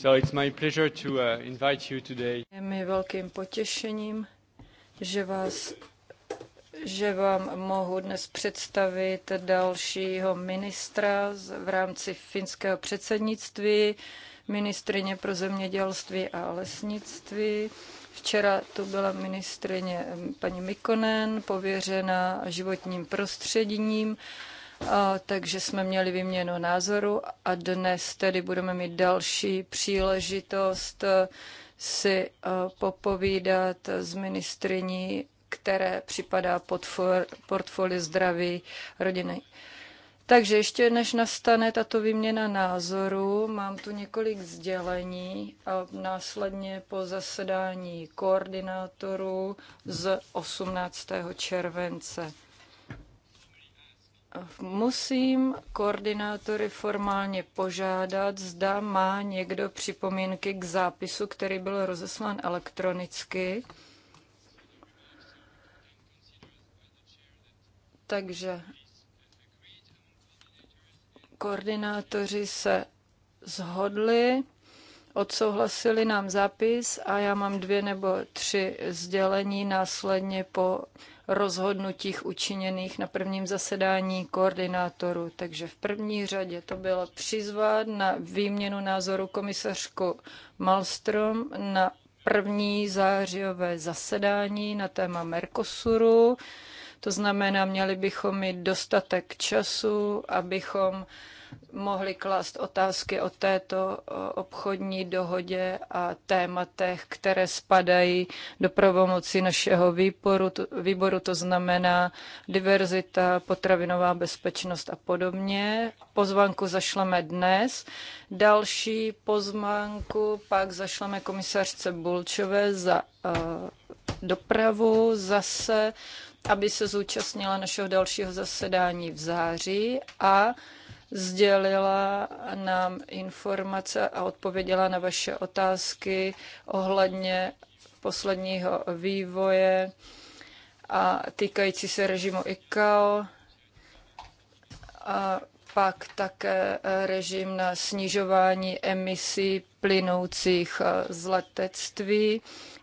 So it's my pleasure to uh, invite you today. Je mi velkým potěšením, že vás že vám mohu dnes představit dalšího ministra v rámci finského předsednictví, ministrině pro zemědělství a lesnictví. Včera tu byla ministrině paní Mikonen, pověřena životním prostředím takže jsme měli výměnu názoru a dnes tedy budeme mít další příležitost eh, si eh, popovídat s ministriní, které připadá pod portfolio zdraví rodiny. Takže ještě než nastane tato výměna názoru, mám tu několik sdělení a následně po zasedání koordinátorů z 18. července. Musím koordinátory formálně požádat, zda má někdo připomínky k zápisu, který byl rozeslán elektronicky. Takže koordinátoři se zhodli. Odsouhlasili nám zápis a já mám dvě nebo tři sdělení následně po rozhodnutích učiněných na prvním zasedání koordinátorů. Takže v první řadě to bylo přizvat na výměnu názoru komisařku Malstrom na první zářijové zasedání na téma Mercosuru. To znamená, měli bychom mít dostatek času, abychom mohli klást otázky o této obchodní dohodě a tématech, které spadají do pravomoci našeho výboru, výboru to znamená diverzita, potravinová bezpečnost a podobně. Pozvánku zašleme dnes. Další pozvánku pak zašleme komisařce Bulčové za eh, dopravu zase, aby se zúčastnila našeho dalšího zasedání v září a sdělila nám informace a odpověděla na vaše otázky ohledně posledního vývoje a týkající se režimu ICAO. A pak také režim na snižování emisí plynoucích z letectví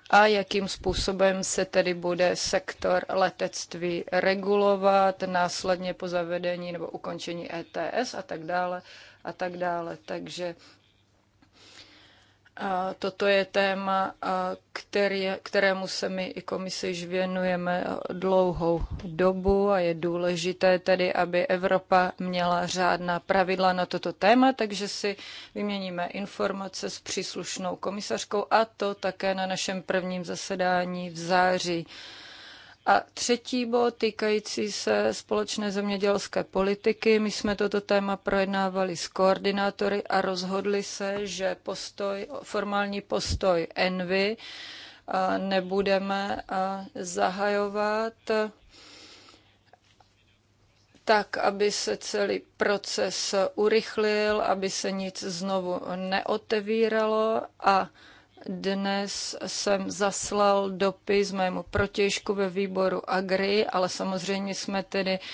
a jakým způsobem se tedy bude sektor letectví regulovat následně po zavedení nebo ukončení ETS a tak dále a tak dále. Takže a toto je téma, který, kterému se my i komise již věnujeme dlouhou dobu a je důležité tedy, aby Evropa měla řádná pravidla na toto téma, takže si vyměníme informace s příslušnou komisařkou a to také na našem prvním zasedání v září. A třetí bod týkající se společné zemědělské politiky. My jsme toto téma projednávali s koordinátory a rozhodli se, že postoj, formální postoj Envy nebudeme zahajovat tak, aby se celý proces urychlil, aby se nic znovu neotevíralo a dnes jsem zaslal dopis mému protěžku ve výboru Agri, ale samozřejmě jsme tedy uh,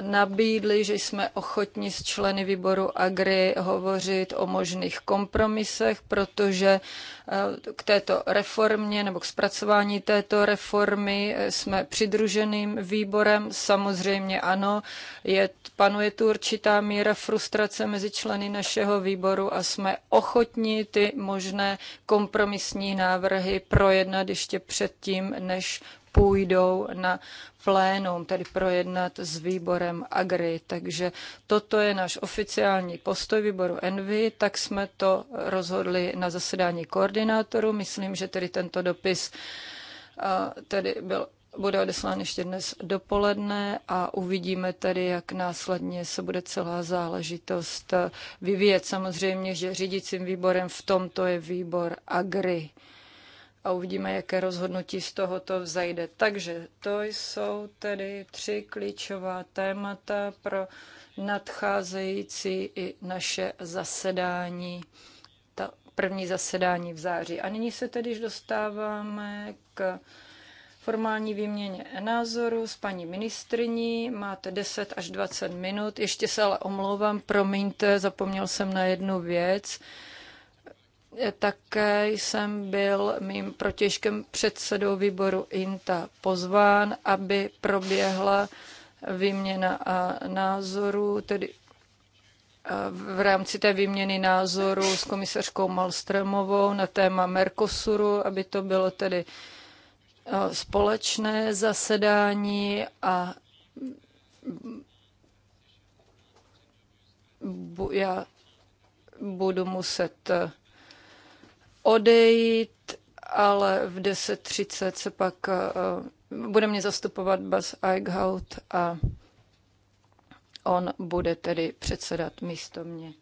nabídli, že jsme ochotni s členy výboru Agri hovořit o možných kompromisech, protože eh, k této reformě nebo k zpracování této reformy eh, jsme přidruženým výborem. Samozřejmě ano, je, panuje tu určitá míra frustrace mezi členy našeho výboru a jsme ochotni ty možné kompromisní návrhy projednat ještě předtím, než půjdou na plénum, tedy projednat s výborem Agri. Takže toto je náš oficiální postoj výboru Envy, tak jsme to rozhodli na zasedání koordinátorů. Myslím, že tedy tento dopis tedy byl bude odeslán ještě dnes dopoledne a uvidíme tedy, jak následně se bude celá záležitost vyvíjet. Samozřejmě, že řídícím výborem v tomto je výbor Agri a uvidíme, jaké rozhodnutí z tohoto vzejde. Takže to jsou tedy tři klíčová témata pro nadcházející i naše zasedání, ta první zasedání v září. A nyní se tedy dostáváme k formální výměně názoru s paní ministriní. Máte 10 až 20 minut. Ještě se ale omlouvám, promiňte, zapomněl jsem na jednu věc. Také jsem byl mým protěžkem předsedou výboru INTA pozván, aby proběhla výměna názorů, tedy v rámci té výměny názoru s komisařkou Malstremovou na téma Mercosuru, aby to bylo tedy společné zasedání a já budu muset odejít, ale v 10.30 se pak eh, bude mě zastupovat Bas Eichhout a on bude tedy předsedat místo mě.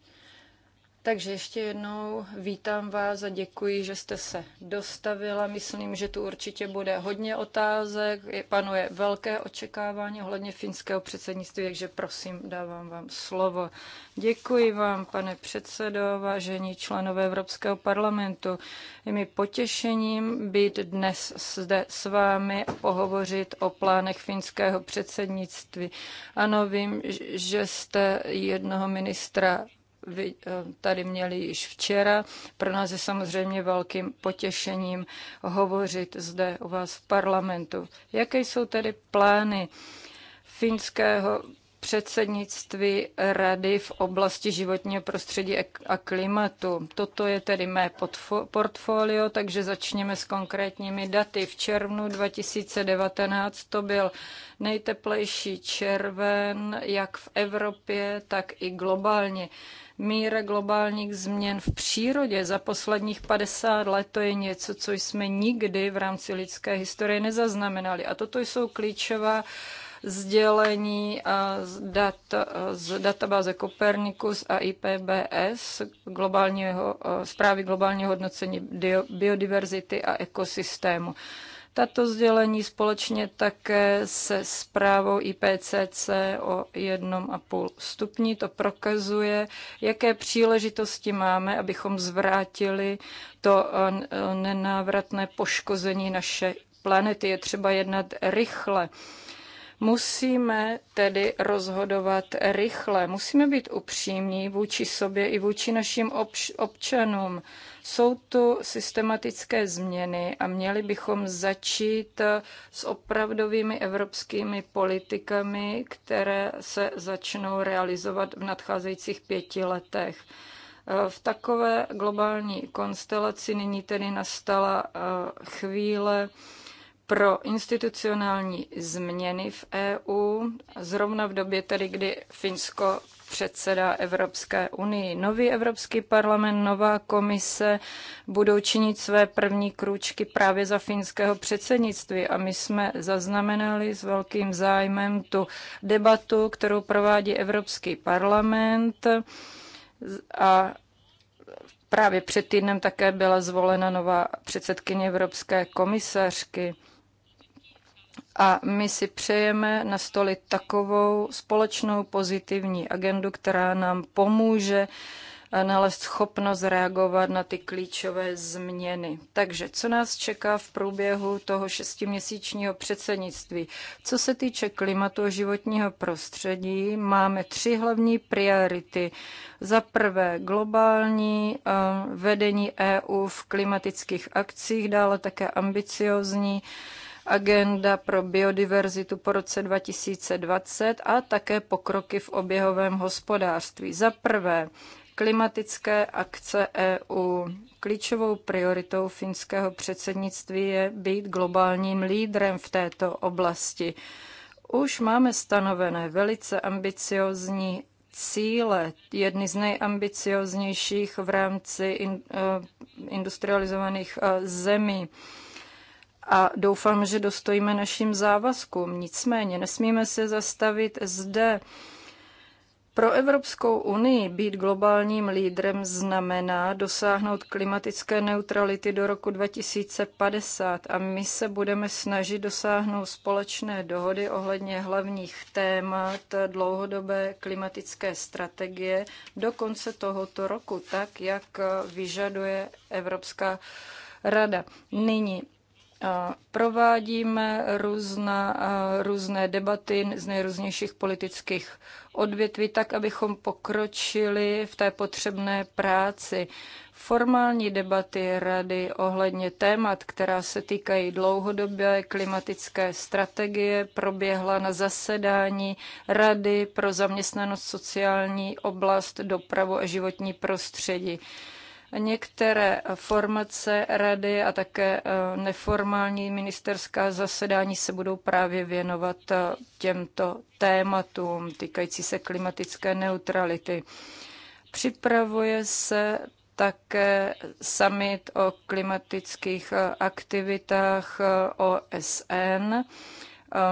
Takže ještě jednou vítám vás a děkuji, že jste se dostavila. Myslím, že tu určitě bude hodně otázek. Panuje velké očekávání ohledně finského předsednictví, takže prosím, dávám vám slovo. Děkuji vám, pane předsedo, vážení členové Evropského parlamentu. Je mi potěšením být dnes zde s vámi a pohovořit o plánech finského předsednictví. Ano, vím, že jste jednoho ministra Eh, tady měli již včera. Pro nás je samozřejmě velkým potěšením hovořit zde u vás v parlamentu. Jaké jsou tedy plány finského předsednictví Rady v oblasti životního prostředí a klimatu. Toto je tedy mé portfolio, takže začněme s konkrétními daty. V červnu 2019 to byl nejteplejší červen, jak v Evropě, tak i globálně. Míra globálních změn v přírodě za posledních 50 let to je něco, co jsme nikdy v rámci lidské historie nezaznamenali. A toto jsou klíčová sdělení z, dat, z databáze Copernicus a IPBS, globálního, zprávy globálního hodnocení biodiverzity a ekosystému. Tato sdělení společně také se zprávou IPCC o 1,5 stupni to prokazuje, jaké příležitosti máme, abychom zvrátili to eh, nenávratné poškození naše planety. Je třeba jednat rychle. Musíme tedy rozhodovat rychle. Musíme být upřímní vůči sobě i vůči našim obč- občanům. Jsou tu systematické změny a měli bychom začít s opravdovými evropskými politikami, které se začnou realizovat v nadcházejících pěti letech. V takové globální konstelaci nyní tedy nastala eh, chvíle, pro institucionální změny v EU, zrovna v době tedy, kdy Finsko předsedá Evropské unii. Nový Evropský parlament, nová komise budou činit své první krůčky právě za finského předsednictví a my jsme zaznamenali s velkým zájmem tu debatu, kterou provádí Evropský parlament a právě před týdnem také byla zvolena nová předsedkyně Evropské komisařky. A my si přejeme nastolit takovou společnou pozitivní agendu, která nám pomůže eh, nalézt schopnost reagovat na ty klíčové změny. Takže co nás čeká v průběhu toho šestiměsíčního předsednictví? Co se týče klimatu a životního prostředí, máme tři hlavní priority. Za prvé globální eh, vedení EU v klimatických akcích, dále také ambiciozní agenda pro biodiverzitu po roce 2020 a také pokroky v oběhovém hospodářství. Za prvé, klimatické akce EU. Klíčovou prioritou finského předsednictví je být globálním lídrem v této oblasti. Už máme stanovené velice ambiciozní cíle, jedny z nejambicioznějších v rámci eh, industrializovaných eh, zemí a doufám, že dostojíme našim závazkům. Nicméně nesmíme se zastavit zde. Pro Evropskou unii být globálním lídrem znamená dosáhnout klimatické neutrality do roku 2050 a my se budeme snažit dosáhnout společné dohody ohledně hlavních témat dlouhodobé klimatické strategie do konce tohoto roku, tak jak vyžaduje Evropská rada. Nyní Provádíme různa, různé debaty z nejrůznějších politických odvětví, tak abychom pokročili v té potřebné práci. Formální debaty rady ohledně témat, která se týkají dlouhodobé klimatické strategie, proběhla na zasedání Rady pro zaměstnanost, sociální oblast, dopravu a životní prostředí. Některé formace rady a také eh, neformální ministerská zasedání se budou právě věnovat eh, těmto tématům týkající se klimatické neutrality. Připravuje se také summit o klimatických eh, aktivitách OSN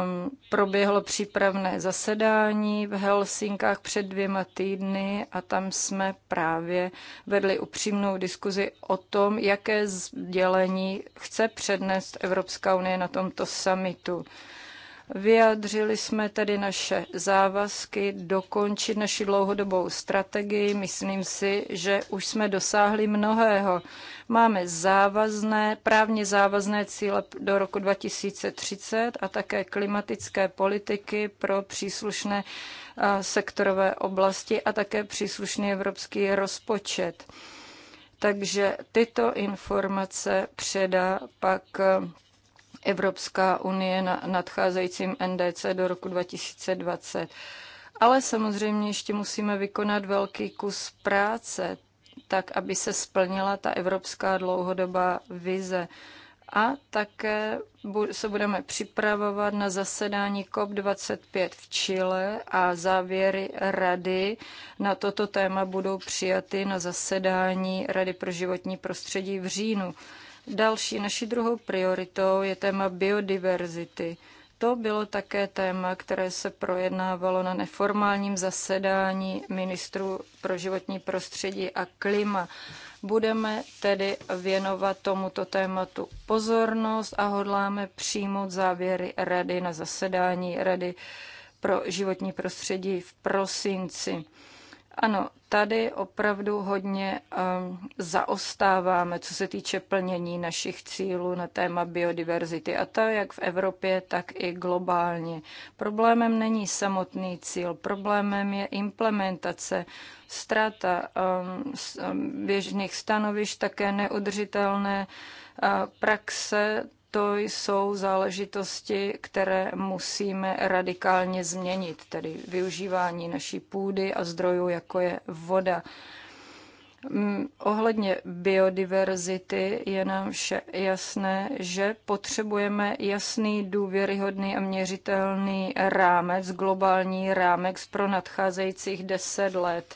Um, proběhlo přípravné zasedání v Helsinkách před dvěma týdny a tam jsme právě vedli upřímnou diskuzi o tom, jaké sdělení chce přednést Evropská unie na tomto summitu. Vyjadřili jsme tedy naše závazky dokončit naši dlouhodobou strategii. Myslím si, že už jsme dosáhli mnohého. Máme závazné, právně závazné cíle do roku 2030 a také klimatické politiky pro příslušné sektorové oblasti a také příslušný evropský rozpočet. Takže tyto informace předá pak Evropská unie na nadcházejícím NDC do roku 2020. Ale samozřejmě ještě musíme vykonat velký kus práce tak aby se splnila ta evropská dlouhodobá vize. A také se budeme připravovat na zasedání COP25 v Chile a závěry rady na toto téma budou přijaty na zasedání Rady pro životní prostředí v říjnu. Další naší druhou prioritou je téma biodiverzity. To bylo také téma, které se projednávalo na neformálním zasedání ministrů pro životní prostředí a klima. Budeme tedy věnovat tomuto tématu pozornost a hodláme přijmout závěry rady na zasedání Rady pro životní prostředí v prosinci. Ano, tady opravdu hodně um, zaostáváme, co se týče plnění našich cílů na téma biodiverzity. A to jak v Evropě, tak i globálně. Problémem není samotný cíl, problémem je implementace, ztráta um, běžných stanovišť, také neudržitelné praxe, to jsou záležitosti, které musíme radikálně změnit, tedy využívání naší půdy a zdrojů, jako je voda. Mm, ohledně biodiverzity je nám vše jasné, že potřebujeme jasný, důvěryhodný a měřitelný rámec, globální rámec pro nadcházejících deset let.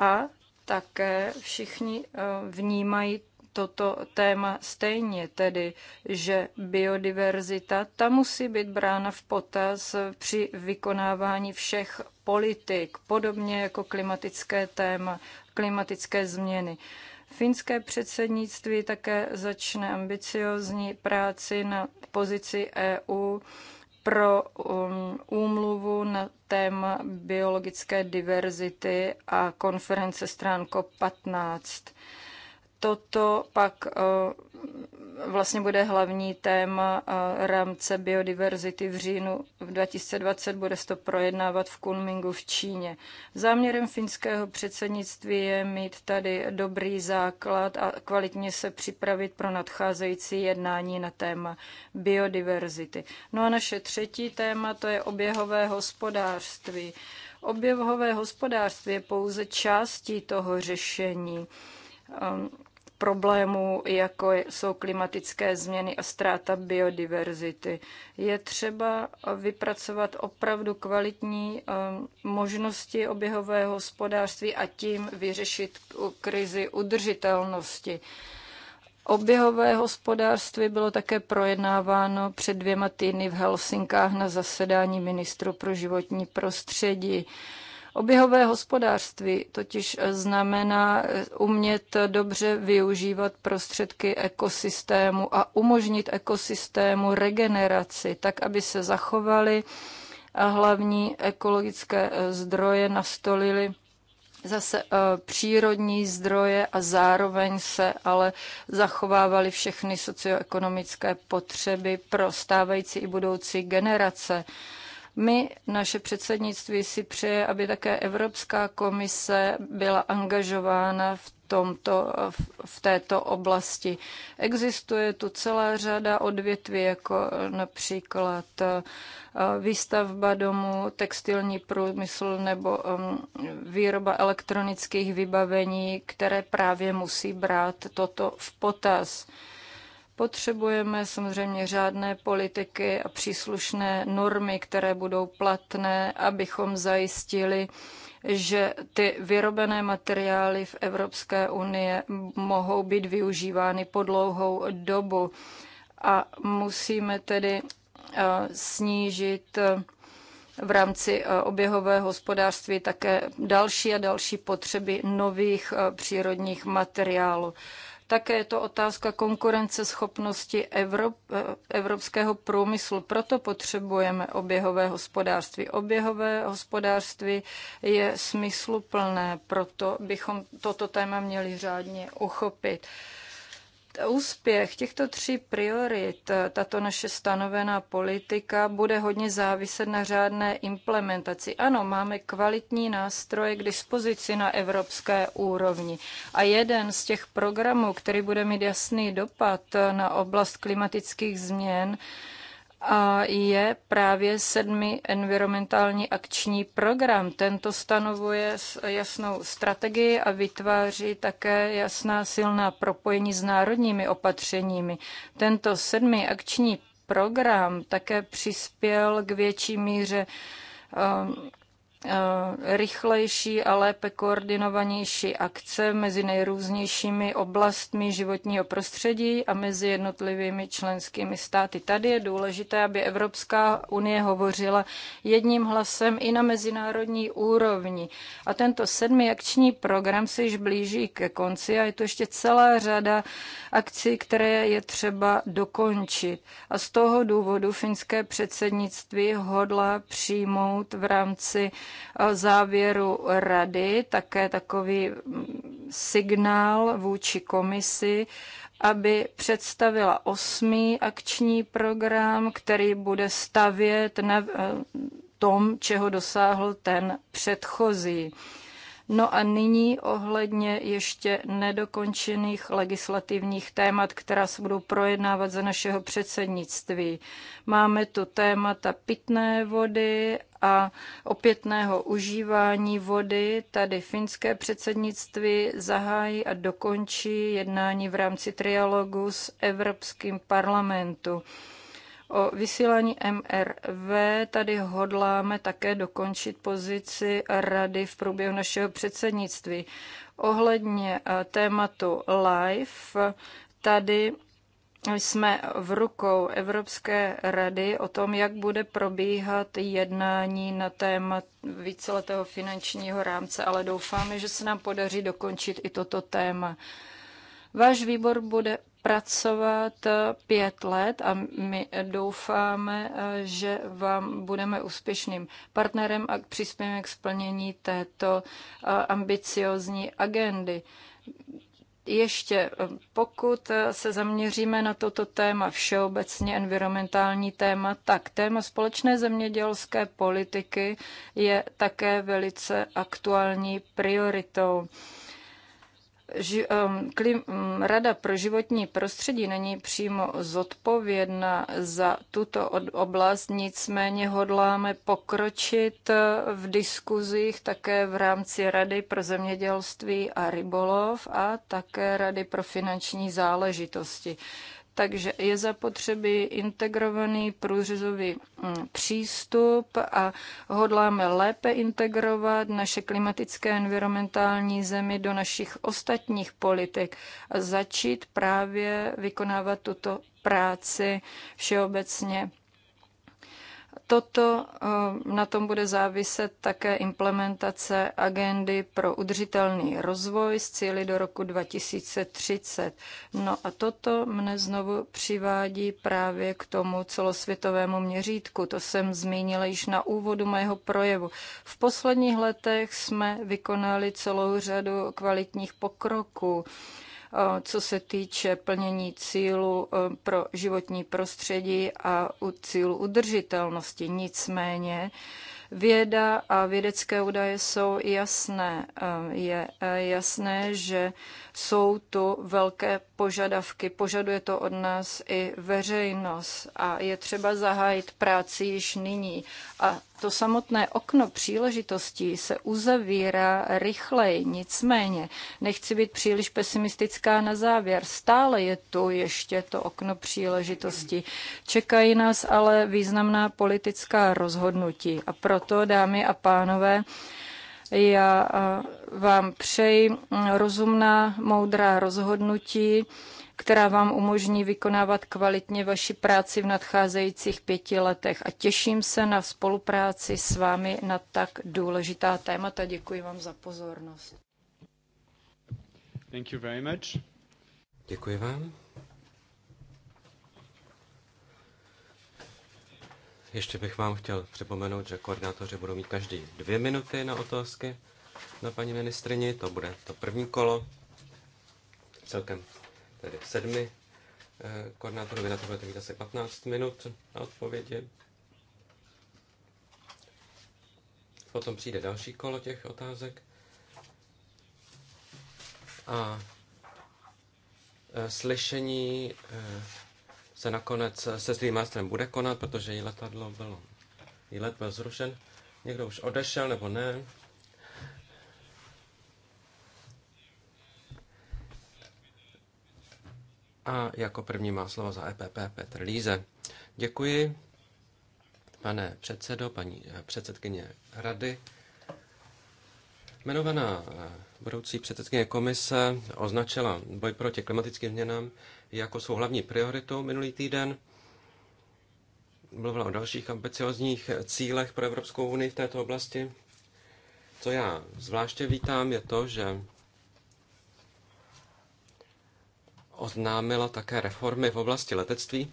A také všichni eh, vnímají toto téma stejně, tedy že biodiverzita ta musí být brána v potaz při vykonávání všech politik, podobně jako klimatické téma, klimatické změny. Finské předsednictví také začne ambiciozní práci na pozici EU pro um, úmluvu na téma biologické diverzity a konference stránko 15 toto pak eh, vlastně bude hlavní téma eh, rámce biodiverzity v říjnu v 2020. Bude se to projednávat v Kunmingu v Číně. Záměrem finského předsednictví je mít tady dobrý základ a kvalitně se připravit pro nadcházející jednání na téma biodiverzity. No a naše třetí téma to je oběhové hospodářství. Oběhové hospodářství je pouze částí toho řešení Um, problémů, jako jsou klimatické změny a ztráta biodiverzity. Je třeba vypracovat opravdu kvalitní um, možnosti oběhového hospodářství a tím vyřešit krizi udržitelnosti. Oběhové hospodářství bylo také projednáváno před dvěma týdny v Helsinkách na zasedání ministru pro životní prostředí. Oběhové hospodářství totiž znamená eh, umět dobře využívat prostředky ekosystému a umožnit ekosystému regeneraci, tak aby se zachovaly hlavní ekologické eh, zdroje, nastolili zase eh, přírodní zdroje a zároveň se ale zachovávaly všechny socioekonomické potřeby pro stávající i budoucí generace. My, naše předsednictví, si přeje, aby také Evropská komise byla angažována v tomto, v této oblasti. Existuje tu celá řada odvětví, jako například eh, výstavba domů, textilní průmysl nebo mm, výroba elektronických vybavení, které právě musí brát toto v potaz. Potřebujeme samozřejmě řádné politiky a příslušné normy, které budou platné, abychom zajistili, že ty vyrobené materiály v Evropské unii mohou být využívány po dlouhou dobu. A musíme tedy eh, snížit eh, v rámci eh, oběhového hospodářství také další a další potřeby nových přírodních materiálů. Také je to otázka konkurenceschopnosti Evrop, eh, evropského průmyslu. Proto potřebujeme oběhové hospodářství. Oběhové hospodářství je smysluplné, proto bychom toto téma měli řádně uchopit. Úspěch těchto tří priorit, tato naše stanovená politika, bude hodně záviset na řádné implementaci. Ano, máme kvalitní nástroje k dispozici na evropské úrovni. A jeden z těch programů, který bude mít jasný dopad na oblast klimatických změn, a je právě sedmý environmentální akční program. Tento stanovuje jasnou strategii a vytváří také jasná silná propojení s národními opatřeními. Tento sedmý akční program také přispěl k větší míře um, Eh, rychlejší a lépe koordinovanější akce mezi nejrůznějšími oblastmi životního prostředí a mezi jednotlivými členskými státy. Tady je důležité, aby Evropská unie hovořila jedním hlasem i na mezinárodní úrovni. A tento sedmi akční program se již blíží ke konci a je to ještě celá řada akcí, které je třeba dokončit. A z toho důvodu finské předsednictví hodla přijmout v rámci závěru rady také takový mm, signál vůči komisi, aby představila osmý akční program, který bude stavět na e, tom, čeho dosáhl ten předchozí. No a nyní ohledně ještě nedokončených legislativních témat, která se budou projednávat za našeho předsednictví. Máme tu témata pitné vody a opětného užívání vody. Tady finské předsednictví zahájí a dokončí jednání v rámci trialogu s Evropským parlamentu. O vysílání MRV tady hodláme také dokončit pozici rady v průběhu našeho předsednictví. Ohledně eh, tématu LIFE, tady jsme v rukou Evropské rady o tom, jak bude probíhat jednání na téma víceletého finančního rámce, ale doufáme, že se nám podaří dokončit i toto téma. Váš výbor bude pracovat pět let a my doufáme, že vám budeme úspěšným partnerem a přispějeme k splnění této eh, ambiciozní agendy ještě, eh, pokud eh, se zaměříme na toto téma všeobecně environmentální téma, tak téma společné zemědělské politiky je také velice aktuální prioritou ži, um, klim, um, Rada pro životní prostředí není přímo zodpovědná za tuto od, oblast, nicméně hodláme pokročit uh, v diskuzích také v rámci Rady pro zemědělství a rybolov a také Rady pro finanční záležitosti. Takže je zapotřebí integrovaný průřezový mm, přístup a hodláme lépe integrovat naše klimatické a environmentální zemi do našich ostatních politik a začít právě vykonávat tuto práci všeobecně Toto eh, na tom bude záviset také implementace agendy pro udržitelný rozvoj s cíly do roku 2030. No a toto mne znovu přivádí právě k tomu celosvětovému měřítku. To jsem zmínila již na úvodu mého projevu. V posledních letech jsme vykonali celou řadu kvalitních pokroků Eh, co se týče plnění cílu eh, pro životní prostředí a u cílu udržitelnosti. Nicméně věda a vědecké údaje jsou jasné. Eh, je jasné, že jsou tu velké požadavky. Požaduje to od nás i veřejnost a je třeba zahájit práci již nyní. A to samotné okno příležitostí se uzavírá rychleji. Nicméně, nechci být příliš pesimistická na závěr, stále je tu ještě to okno příležitosti. Čekají nás ale významná politická rozhodnutí. A proto, dámy a pánové, já eh, vám přeji rozumná, moudrá rozhodnutí která vám umožní vykonávat kvalitně vaši práci v nadcházejících pěti letech. A těším se na spolupráci s vámi na tak důležitá témata. Děkuji vám za pozornost. Thank you very much. Děkuji vám. Ještě bych vám chtěl připomenout, že koordinátoři budou mít každý dvě minuty na otázky na paní ministrině. To bude to první kolo. Celkem tedy sedmi eh, koordinátorů. Vy na to budete asi 15 minut na odpovědi. Potom přijde další kolo těch otázek. A eh, slyšení eh, se nakonec se svým mástrem bude konat, protože její letadlo bylo, její let byl zrušen. Někdo už odešel nebo ne. A jako první má slovo za EPP Petr Líze. Děkuji, pane předsedo, paní eh, předsedkyně rady. Jmenovaná eh, budoucí předsedkyně komise označila boj proti klimatickým změnám jako svou hlavní prioritu minulý týden. Mluvila o dalších ambiciozních cílech pro Evropskou unii v této oblasti. Co já zvláště vítám, je to, že oznámila také reformy v oblasti letectví.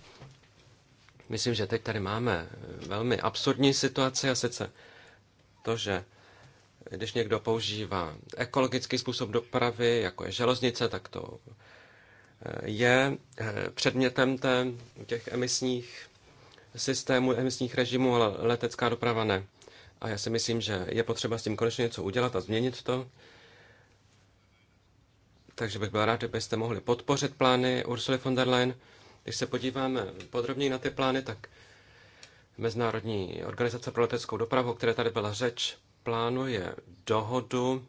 Myslím, že teď tady máme velmi absurdní situaci a sice to, že když někdo používá ekologický způsob dopravy, jako je železnice, tak to eh, je eh, předmětem té, těch emisních systémů, emisních režimů, ale letecká doprava ne. A já si myslím, že je potřeba s tím konečně něco udělat a změnit to takže bych byl rád, kdybyste mohli podpořit plány Ursuly von der Leyen. Když se podíváme podrobněji na ty plány, tak Mezinárodní organizace pro leteckou dopravu, o které tady byla řeč, plánuje dohodu,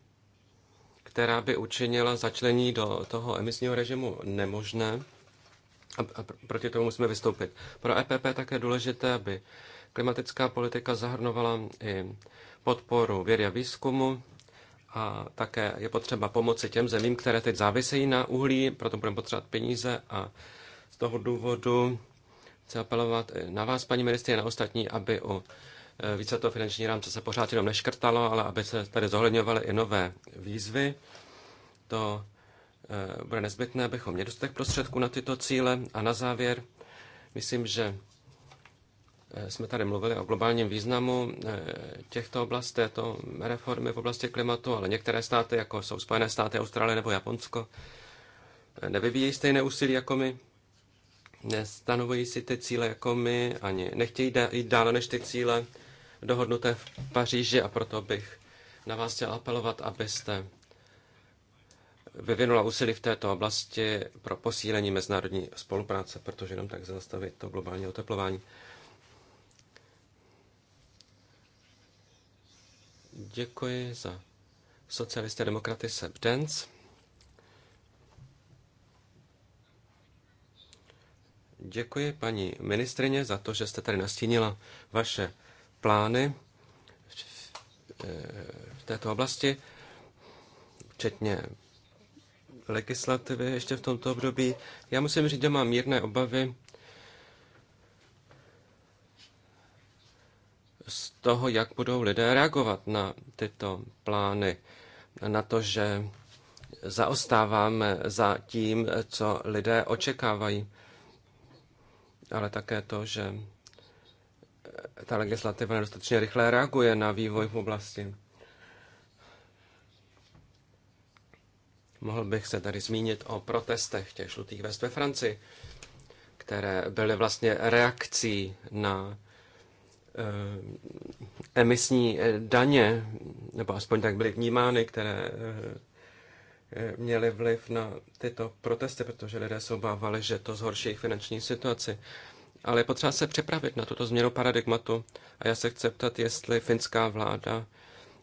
která by učinila začlení do toho emisního režimu nemožné. A proti tomu musíme vystoupit. Pro EPP také důležité, aby klimatická politika zahrnovala i podporu vědy a výzkumu, a také je potřeba pomoci těm zemím, které teď závisejí na uhlí, proto budeme potřebovat peníze a z toho důvodu chci apelovat na vás, paní ministrině, na ostatní, aby o e, více toho finanční rámce se pořád jenom neškrtalo, ale aby se tady zohledňovaly i nové výzvy. To e, bude nezbytné, abychom měli dostatek prostředků na tyto cíle. A na závěr, myslím, že Eh, jsme tady mluvili o globálním významu eh, těchto oblastí, této reformy v oblasti klimatu, ale některé státy, jako jsou Spojené státy, Austrálie nebo Japonsko, eh, nevyvíjejí stejné úsilí jako my, nestanovují si ty cíle jako my, ani nechtějí jít dále než ty cíle dohodnuté v Paříži a proto bych na vás chtěl apelovat, abyste vyvinula úsilí v této oblasti pro posílení mezinárodní spolupráce, protože jenom tak zastavit to globální oteplování. Děkuji za socialisté demokraty Sebdens. Děkuji paní ministrině za to, že jste tady nastínila vaše plány eh, v této oblasti, včetně legislativy ještě v tomto období. Já musím říct, že mám mírné obavy z toho, jak budou lidé reagovat na tyto plány, na to, že zaostáváme za tím, co lidé očekávají, ale také to, že ta legislativa nedostatečně rychle reaguje na vývoj v oblasti. Mohl bych se tady zmínit o protestech těch žlutých vest ve Francii, které byly vlastně reakcí na Eh, emisní eh, daně, nebo aspoň tak byly vnímány, které eh, měly vliv na tyto protesty, protože lidé se obávali, že to zhorší jejich finanční situaci. Ale je potřeba se připravit na tuto změnu paradigmatu a já se chci ptat, jestli finská vláda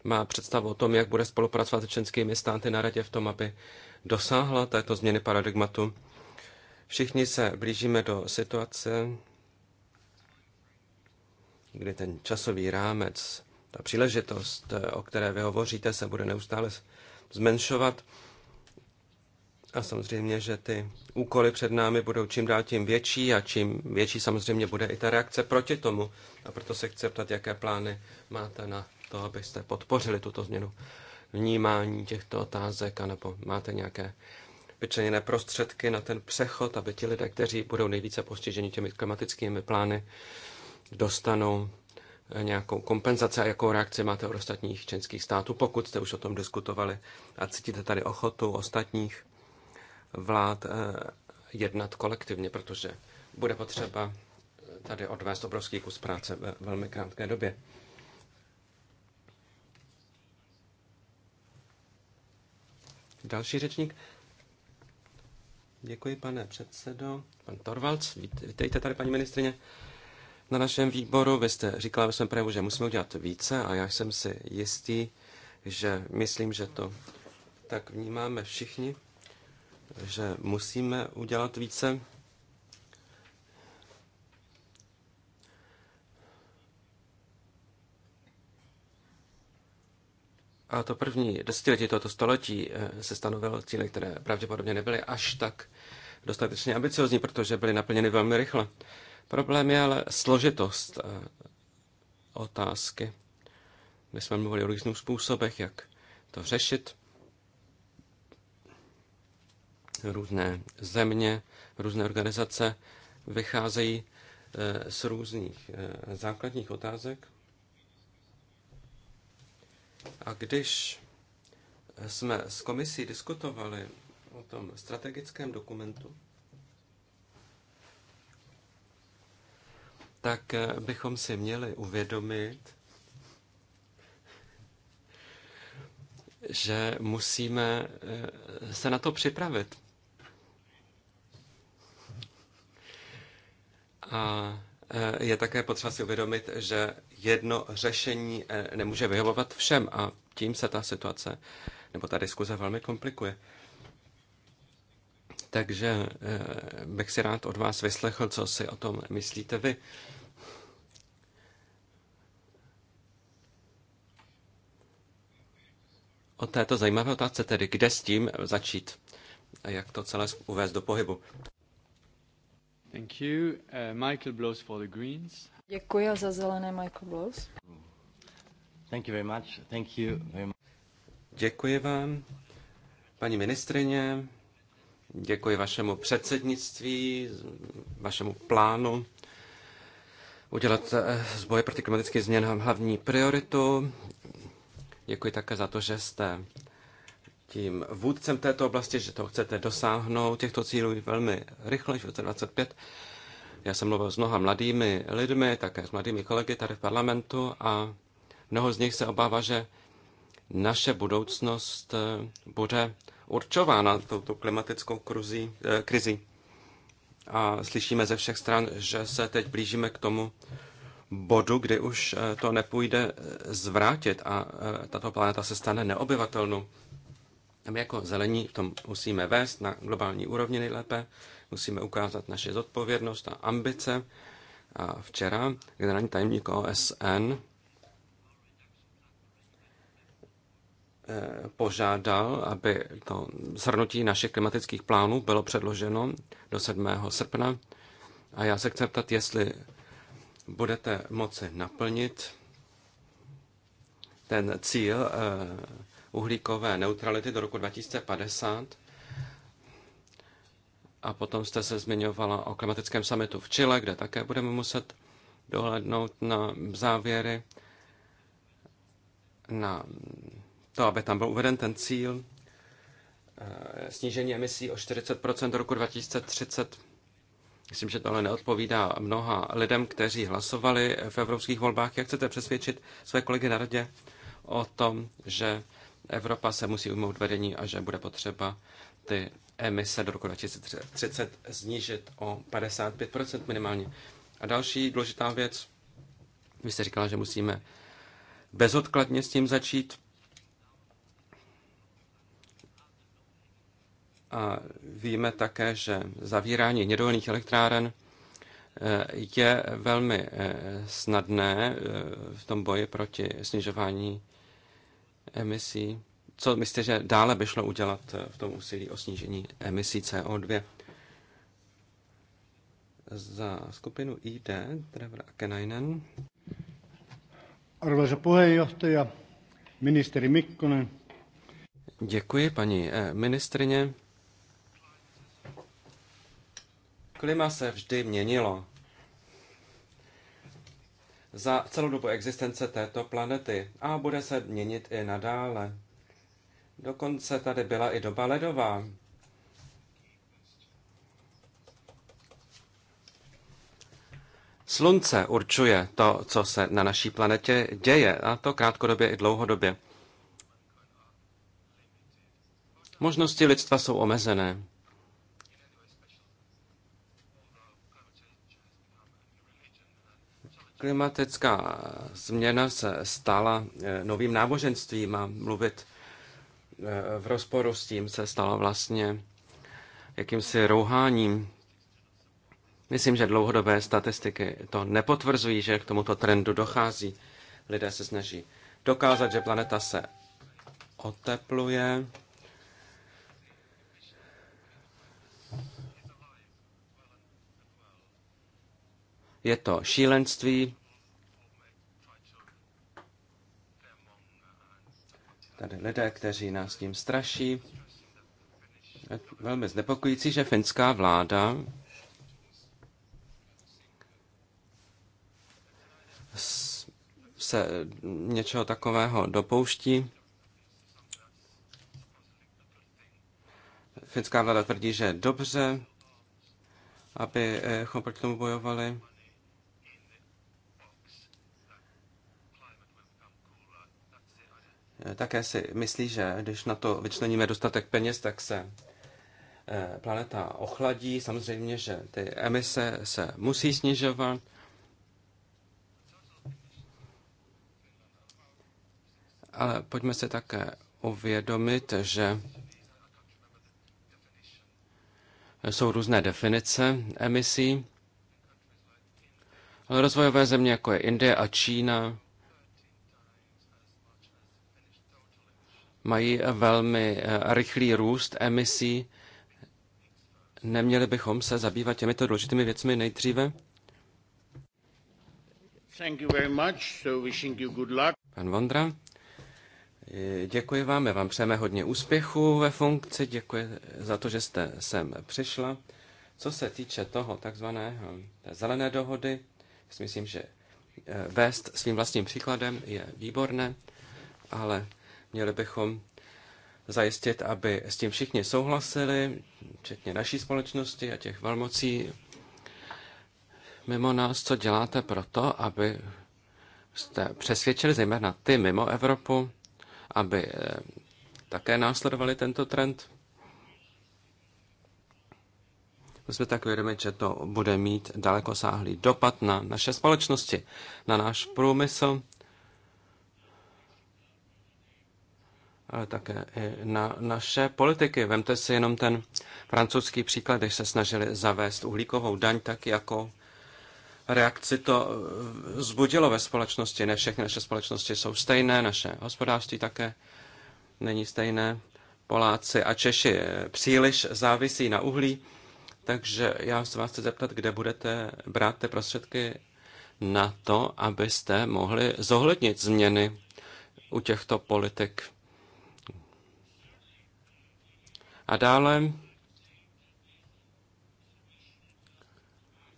má představu o tom, jak bude spolupracovat s členskými státy na radě v tom, aby dosáhla této změny paradigmatu. Všichni se blížíme do situace, kdy ten časový rámec, ta příležitost, eh, o které vy hovoříte, se bude neustále zmenšovat. A samozřejmě, že ty úkoly před námi budou čím dál tím větší a čím větší samozřejmě bude i ta reakce proti tomu. A proto se chci ptat, jaké plány máte na to, abyste podpořili tuto změnu vnímání těchto otázek, anebo máte nějaké vyčleněné prostředky na ten přechod, aby ti lidé, kteří budou nejvíce postiženi těmi klimatickými plány, dostanou eh, nějakou kompenzaci a jakou reakci máte od ostatních členských států, pokud jste už o tom diskutovali a cítíte tady ochotu ostatních vlád eh, jednat kolektivně, protože bude potřeba eh, tady odvést obrovský kus práce ve velmi krátké době. Další řečník. Děkuji, pane předsedo. Pan Torvalds, vítejte tady, paní ministrině na našem výboru. Vy jste říkala ve svém projevu, že musíme udělat více a já jsem si jistý, že myslím, že to tak vnímáme všichni, že musíme udělat více. A to první desetiletí tohoto století eh, se stanovilo cíle, které pravděpodobně nebyly až tak dostatečně ambiciozní, protože byly naplněny velmi rychle. Problém je ale složitost eh, otázky. My jsme mluvili o různých způsobech, jak to řešit. Různé země, různé organizace vycházejí eh, z různých eh, základních otázek. A když jsme s komisí diskutovali o tom strategickém dokumentu, tak eh, bychom si měli uvědomit, že musíme eh, se na to připravit. A eh, je také potřeba si uvědomit, že jedno řešení nemůže vyhovovat všem a tím se ta situace nebo ta diskuze velmi komplikuje takže eh, bych si rád od vás vyslechl, co si o tom myslíte vy. O této zajímavé otázce tedy, kde s tím začít a jak to celé uvést do pohybu. Thank you. Uh, Michael Blows for the Greens. Děkuji za zelené Michael Blows. Thank you very much. Thank you very much. Děkuji vám, paní ministrině. Děkuji vašemu předsednictví, vašemu plánu udělat eh, z boje proti klimatickým změnám hlavní prioritu. Děkuji také za to, že jste tím vůdcem této oblasti, že to chcete dosáhnout těchto cílů velmi rychle, v roce 25. Já jsem mluvil s mnoha mladými lidmi, také s mladými kolegy tady v parlamentu a mnoho z nich se obává, že naše budoucnost eh, bude určována touto klimatickou kruzí, eh, krizi. A slyšíme ze všech stran, že se teď blížíme k tomu bodu, kdy už eh, to nepůjde eh, zvrátit a tato planeta se stane neobyvatelnou. My jako zelení v tom musíme vést na globální úrovni nejlépe, musíme ukázat naše zodpovědnost a ambice. A včera generální tajemník OSN požádal, aby to zhrnutí našich klimatických plánů bylo předloženo do 7. srpna. A já se chci ptat, jestli budete moci naplnit ten cíl eh, uhlíkové neutrality do roku 2050. A potom jste se zmiňovala o klimatickém summitu v Chile, kde také budeme muset dohlednout na závěry, na to, aby tam byl uveden ten cíl eh, snížení emisí o 40 do roku 2030. Myslím, že tohle neodpovídá mnoha lidem, kteří hlasovali v evropských volbách. Jak chcete přesvědčit své kolegy na radě o tom, že Evropa se musí ujmout vedení a že bude potřeba ty emise do roku 2030 snížit o 55 minimálně. A další důležitá věc, vy jste říkala, že musíme bezodkladně s tím začít. A víme také, že zavírání nedovolených elektráren eh, je velmi eh, snadné eh, v tom boji proti snižování emisí. Co myslíte, že dále by šlo udělat v tom úsilí o snížení emisí CO2? Za skupinu ID Trevor Akenainen. Arvoisa puheenjohtaja, ministeri Mikkonen. Děkuji, paní ministrině. Klima se vždy měnilo. Za celou dobu existence této planety a bude se měnit i nadále. Dokonce tady byla i doba ledová. Slunce určuje to, co se na naší planetě děje, a to krátkodobě i dlouhodobě. Možnosti lidstva jsou omezené. Klimatická změna se stala eh, novým náboženstvím a mluvit eh, v rozporu s tím se stalo vlastně jakýmsi rouháním. Myslím, že dlouhodobé statistiky to nepotvrzují, že k tomuto trendu dochází. Lidé se snaží dokázat, že planeta se otepluje. Je to šílenství. Tady lidé, kteří nás tím straší. Je velmi znepokojící, že finská vláda se něčeho takového dopouští. Finská vláda tvrdí, že je dobře, abychom proti tomu bojovali. Eh, také si myslí, že když na to vyčleníme dostatek peněz, tak se eh, planeta ochladí. Samozřejmě, že ty emise se musí snižovat. Ale pojďme se také uvědomit, že jsou různé definice emisí. Ale rozvojové země, jako je Indie a Čína, mají velmi eh, rychlý růst emisí. Neměli bychom se zabývat těmito důležitými věcmi nejdříve? Thank you very much. So wishing you good luck. Pan Vondra, eh, děkuji vám, my vám přejeme hodně úspěchu ve funkci, děkuji za to, že jste sem přišla. Co se týče toho takzvaného zelené dohody, si myslím, že eh, vést svým vlastním příkladem je výborné, ale Měli bychom zajistit, aby s tím všichni souhlasili, včetně naší společnosti a těch velmocí mimo nás, co děláte pro to, aby jste přesvědčili zejména ty mimo Evropu, aby eh, také následovali tento trend. Jsme tak vědomi, že to bude mít dalekosáhlý dopad na naše společnosti, na náš průmysl, ale také i na naše politiky. Vemte si jenom ten francouzský příklad, když se snažili zavést uhlíkovou daň, tak jako reakci to e, zbudilo ve společnosti. Ne všechny naše společnosti jsou stejné, naše hospodářství také není stejné. Poláci a Češi e, příliš závisí na uhlí, takže já se vás chci zeptat, kde budete brát ty prostředky na to, abyste mohli zohlednit změny u těchto politik. A dále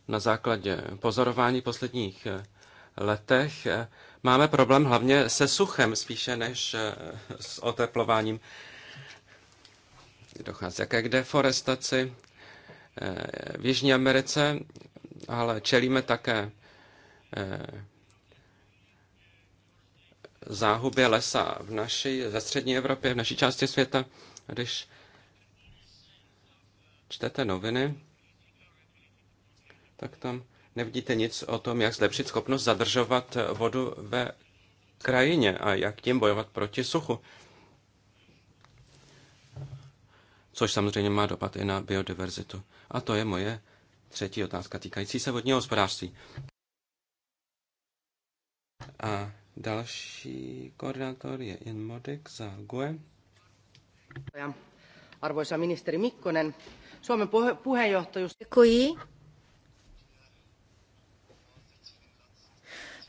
na základě pozorování posledních eh, letech eh, máme problém hlavně se suchem spíše než eh, s oteplováním. Dochází k deforestaci v Jižní Americe, ale čelíme také záhubě lesa v naší, ve střední Evropě, v naší části světa, když čtete noviny, tak tam nevidíte nic o tom, jak zlepšit schopnost zadržovat vodu ve krajině a jak tím bojovat proti suchu. Což samozřejmě má dopad i na biodiverzitu. A to je moje třetí otázka týkající se vodního hospodářství. A další koordinátor je Jan Modek za GUE. Arvoisa ministeri Mikkonen, Suomen puheenjohtajuus. Děkuji.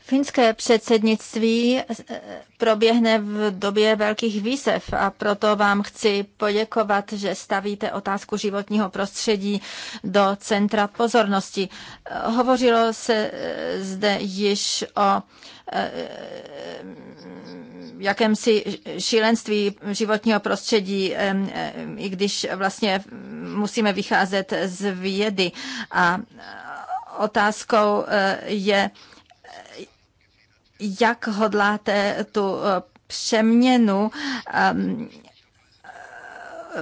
Finské předsednictví eh, proběhne v době velkých výzev a proto vám chci poděkovat, že stavíte otázku životního prostředí do centra pozornosti. Eh, hovořilo se eh, zde již o jakémsi šílenství životního prostředí, i když vlastně musíme vycházet z vědy. A otázkou je, jak hodláte tu eh, přeměnu um,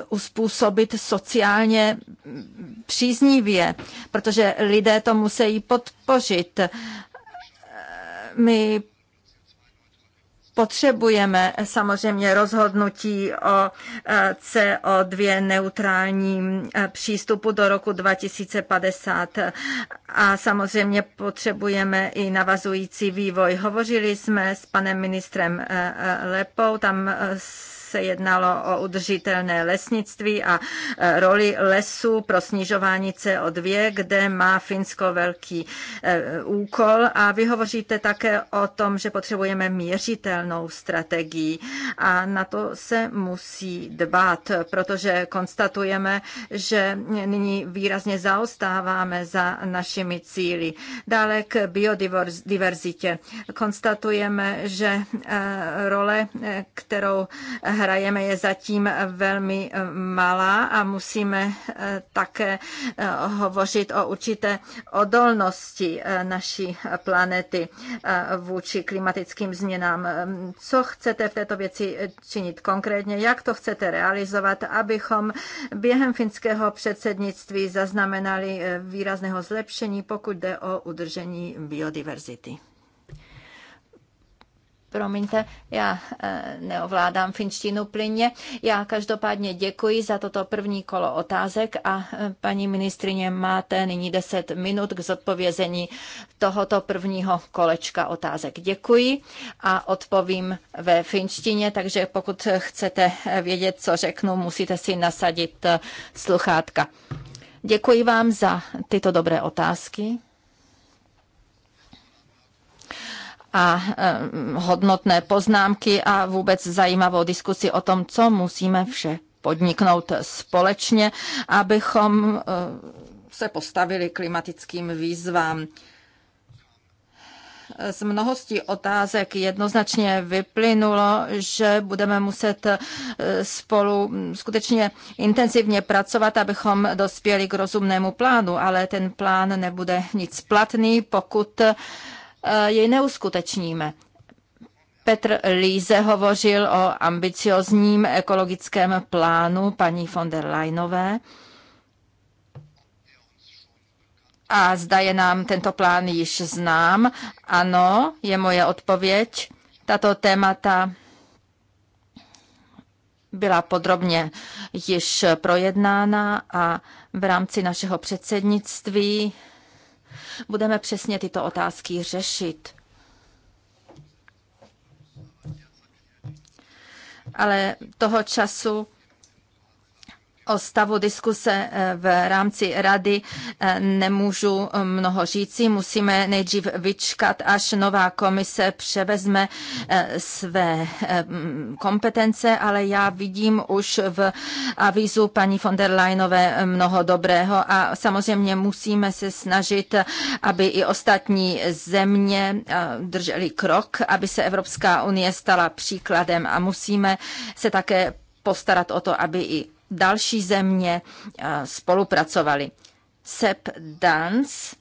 uspůsobit sociálně příznivě, protože lidé to musí podpořit. Eh, my Potřebujeme samozřejmě rozhodnutí o e, CO2 neutrálním e, přístupu do roku 2050 a samozřejmě potřebujeme i navazující vývoj. Hovořili jsme s panem ministrem e, Lepou, tam se jednalo o udržitelné lesnictví a e, roli lesů pro snižování CO2, kde má Finsko velký e, úkol. A vy hovoříte také o tom, že potřebujeme měřitelnou strategii a na to se musí dbát, protože konstatujeme, že nyní výrazně zaostáváme za našimi cíly. Dále k biodiverzitě. Konstatujeme, že e, role, kterou hrajeme, je zatím velmi eh, malá a musíme eh, také eh, hovořit o určité odolnosti naší planety vůči klimatickým změnám. Co chcete v této věci činit konkrétně? Jak to chcete realizovat, abychom během finského předsednictví zaznamenali výrazného zlepšení, pokud jde o udržení biodiverzity? Promiňte, já eh, neovládám finštinu plynně. Já každopádně děkuji za toto první kolo otázek a eh, paní ministrině máte nyní 10 minut k zodpovězení tohoto prvního kolečka otázek. Děkuji a odpovím ve finštině, takže pokud chcete eh, vědět, co řeknu, musíte si nasadit sluchátka. Děkuji vám za tyto dobré otázky. a e, hodnotné poznámky a vůbec zajímavou diskusi o tom, co musíme vše podniknout společně, abychom e, se postavili klimatickým výzvám. Z mnohosti otázek jednoznačně vyplynulo, že budeme muset e, spolu skutečně intenzivně pracovat, abychom dospěli k rozumnému plánu, ale ten plán nebude nic platný, pokud Eh, jej neuskutečníme. Petr Líze hovořil o ambiciozním ekologickém plánu paní von der Leinové. A zda je nám tento plán již znám. Ano, je moje odpověď. Tato témata byla podrobně již projednána a v rámci našeho předsednictví budeme přesně tyto otázky řešit. Ale toho času O stavu diskuse eh, v rámci rady eh, nemůžu mnoho říci. Musíme nejdřív vyčkat, až nová komise převezme eh, své mm, kompetence, ale já vidím už v avizu paní von der Leinové mnoho dobrého a samozřejmě musíme se snažit, aby i ostatní země drželi krok, aby se Evropská unie stala příkladem a musíme se také postarat o to, aby i další země eh, spolupracovaly. Sepp Dance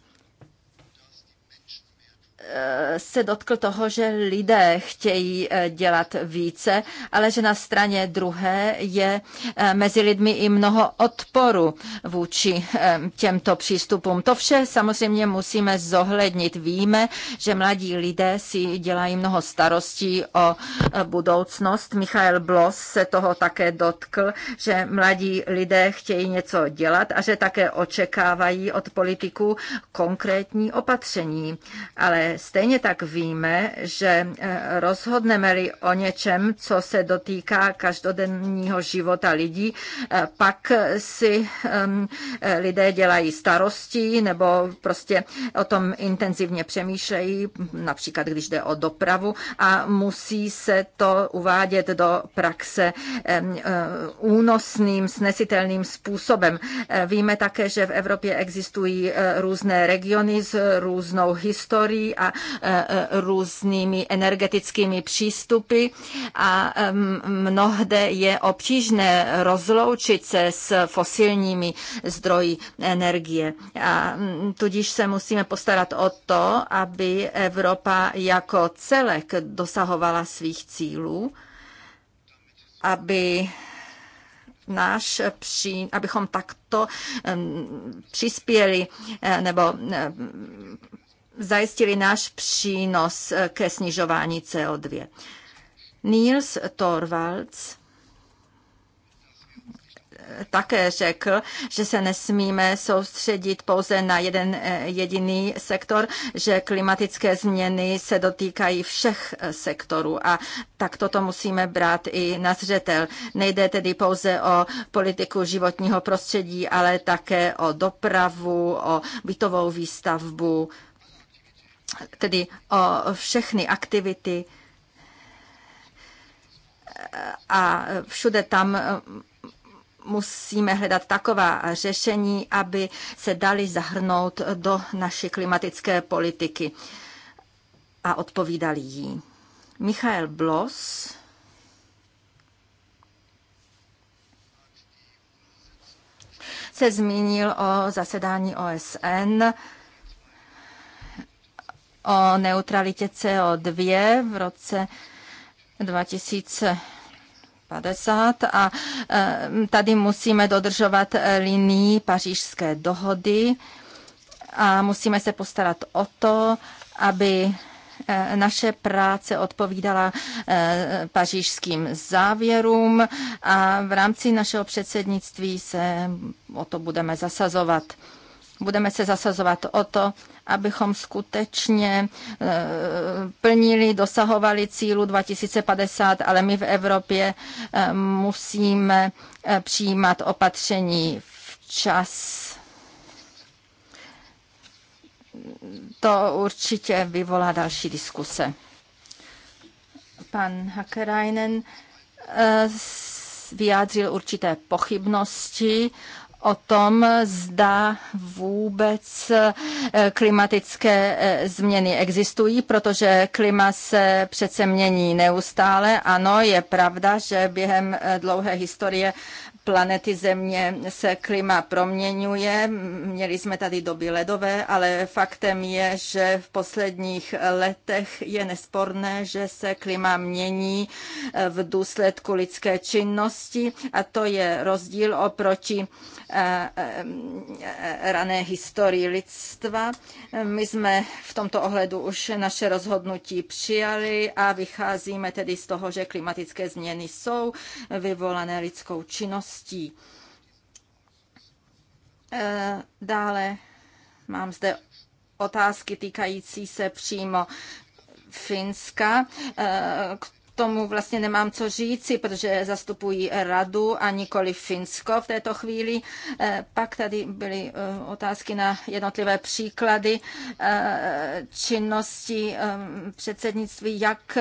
se dotkl toho, že lidé chtějí eh, dělat více, ale že na straně druhé je eh, mezi lidmi i mnoho odporu vůči eh, těmto přístupům. To vše samozřejmě musíme zohlednit. Víme, že mladí lidé si dělají mnoho starostí o budoucnost. Michael Bloss se toho také dotkl, že mladí lidé chtějí něco dělat a že také očekávají od politiků konkrétní opatření. Ale stejně tak víme, že eh, rozhodneme-li o něčem, co se dotýká každodenního života lidí, eh, pak si ehm, eh, lidé dělají starosti nebo prostě o tom intenzivně přemýšlejí, například když jde o dopravu a musí se to uvádět do praxe ehm, únosným, snesitelným způsobem. Víme také, že v Evropě existují různé regiony s různou historií a e, e, různými energetickými přístupy a e, mnohde je obtížné rozloučit se s fosilními zdroji energie. A tudíž se musíme postarat o to, aby Evropa jako celek dosahovala svých cílů, aby náš pří, abychom takto um, přispěli nebo um, zajistili náš přínos eh, ke snižování CO2. Niels Torvalds eh, také řekl, že se nesmíme soustředit pouze na jeden eh, jediný sektor, že klimatické změny se dotýkají všech sektorů a tak toto musíme brát i na zřetel. Nejde tedy pouze o politiku životního prostředí, ale také o dopravu, o bytovou výstavbu, tedy o všechny aktivity a všude tam musíme hledat taková řešení, aby se dali zahrnout do naší klimatické politiky a odpovídali jí. Michael Blos se zmínil o zasedání OSN o neutralitě CO2 v roce 2000. 50 a e, tady musíme dodržovat linii pařížské dohody a musíme se postarat o to, aby e, naše práce odpovídala e, pařížským závěrům a v rámci našeho předsednictví se o to budeme zasazovat budeme se zasazovat o to, abychom skutečně e, plnili, dosahovali cílu 2050, ale my v Evropě e, musíme e, přijímat opatření včas. To určitě vyvolá další diskuse. Pan Hakerainen vyjádřil určité pochybnosti o tom, zda vůbec eh, klimatické eh, změny existují, protože klima se přece mění neustále. Ano, je pravda, že během eh, dlouhé historie planety Země se klima proměňuje. Měli jsme tady doby ledové, ale faktem je, že v posledních letech je nesporné, že se klima mění eh, v důsledku lidské činnosti a to je rozdíl oproti eh, eh, rané historii lidstva. My jsme v tomto ohledu už naše rozhodnutí přijali a vycházíme tedy z toho, že klimatické změny jsou vyvolané lidskou činností ctí. Eh, dále mám zde otázky týkající se přímo Finska. Eh, tomu vlastně nemám co říci, protože zastupují radu a nikoli Finsko v této chvíli. Eh, pak tady byly eh, otázky na jednotlivé příklady eh, činnosti předsednictví, jak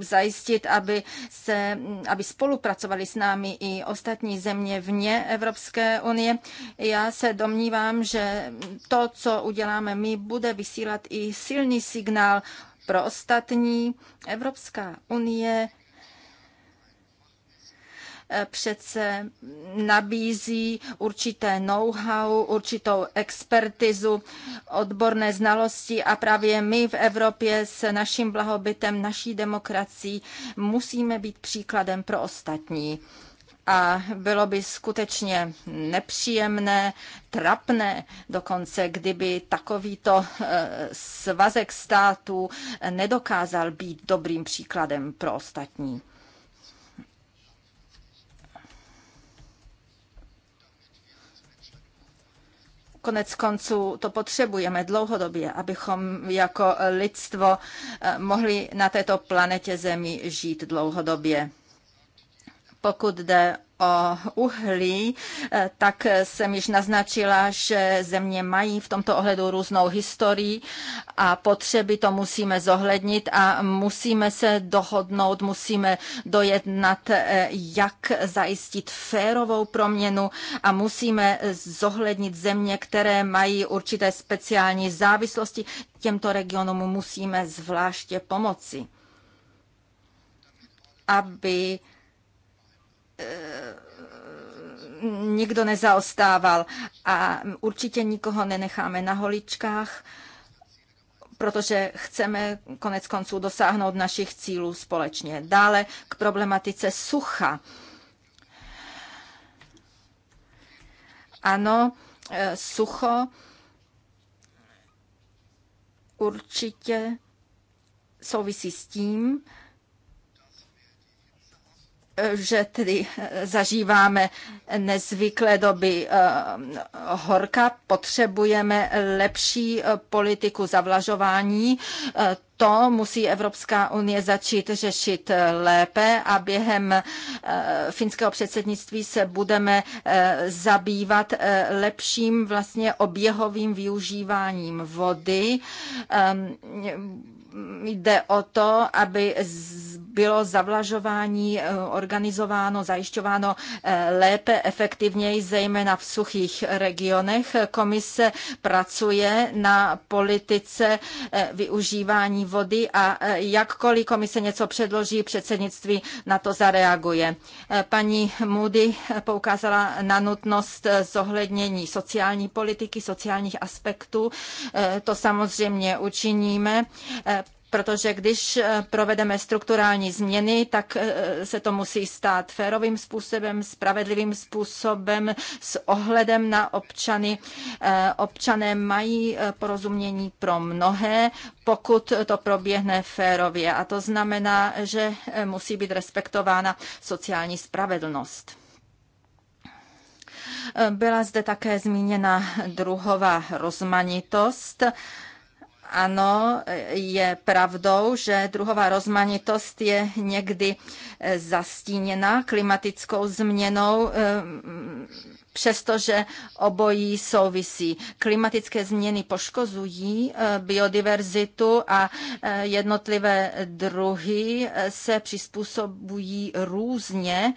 zajistit, aby, se, aby spolupracovali s námi i ostatní země vně Evropské unie. Já se domnívám, že to, co uděláme my, bude vysílat i silný signál pro ostatní. Evropská unie eh, přece nabízí určité know-how, určitou expertizu, odborné znalosti a právě my v Evropě s naším blahobytem, naší demokracií musíme být příkladem pro ostatní a bylo by skutečně nepříjemné, trapné dokonce, kdyby takovýto e, svazek států nedokázal být dobrým příkladem pro ostatní. Konec konců to potřebujeme dlouhodobě, abychom jako lidstvo e, mohli na této planetě Zemi žít dlouhodobě. Pokud jde o uhlí, eh, tak jsem již naznačila, že země mají v tomto ohledu různou historii a potřeby to musíme zohlednit a musíme se dohodnout, musíme dojednat, eh, jak zajistit férovou proměnu a musíme zohlednit země, které mají určité speciální závislosti. Těmto regionům musíme zvláště pomoci, aby Eh, nikdo nezaostával a určitě nikoho nenecháme na holičkách, protože chceme konec konců dosáhnout našich cílů společně. Dále k problematice sucha. Ano, eh, sucho určitě souvisí s tím, že tedy zažíváme nezvyklé doby eh, horka, potřebujeme lepší eh, politiku zavlažování. Eh, to musí Evropská unie začít řešit lépe a během finského předsednictví se budeme zabývat lepším vlastně oběhovým využíváním vody ehm, jde o to, aby bylo zavlažování eh, organizováno, zajišťováno eh, lépe, efektivněji, zejména v suchých regionech. Komise pracuje na politice eh, využívání vody a jakkoliv komise něco předloží, předsednictví na to zareaguje. Paní Moody poukázala na nutnost zohlednění sociální politiky, sociálních aspektů. To samozřejmě učiníme protože když eh, provedeme strukturální změny, tak eh, se to musí stát férovým způsobem, spravedlivým způsobem, s ohledem na občany. Eh, občané mají porozumění pro mnohé, pokud to proběhne férově. A to znamená, že musí být respektována sociální spravedlnost. Byla zde také zmíněna druhová rozmanitost. Ano, je pravdou, že druhová rozmanitost je někdy eh, zastíněna klimatickou změnou, eh, přestože obojí souvisí. Klimatické změny poškozují eh, biodiverzitu a jednotlivé druhy se přizpůsobují různě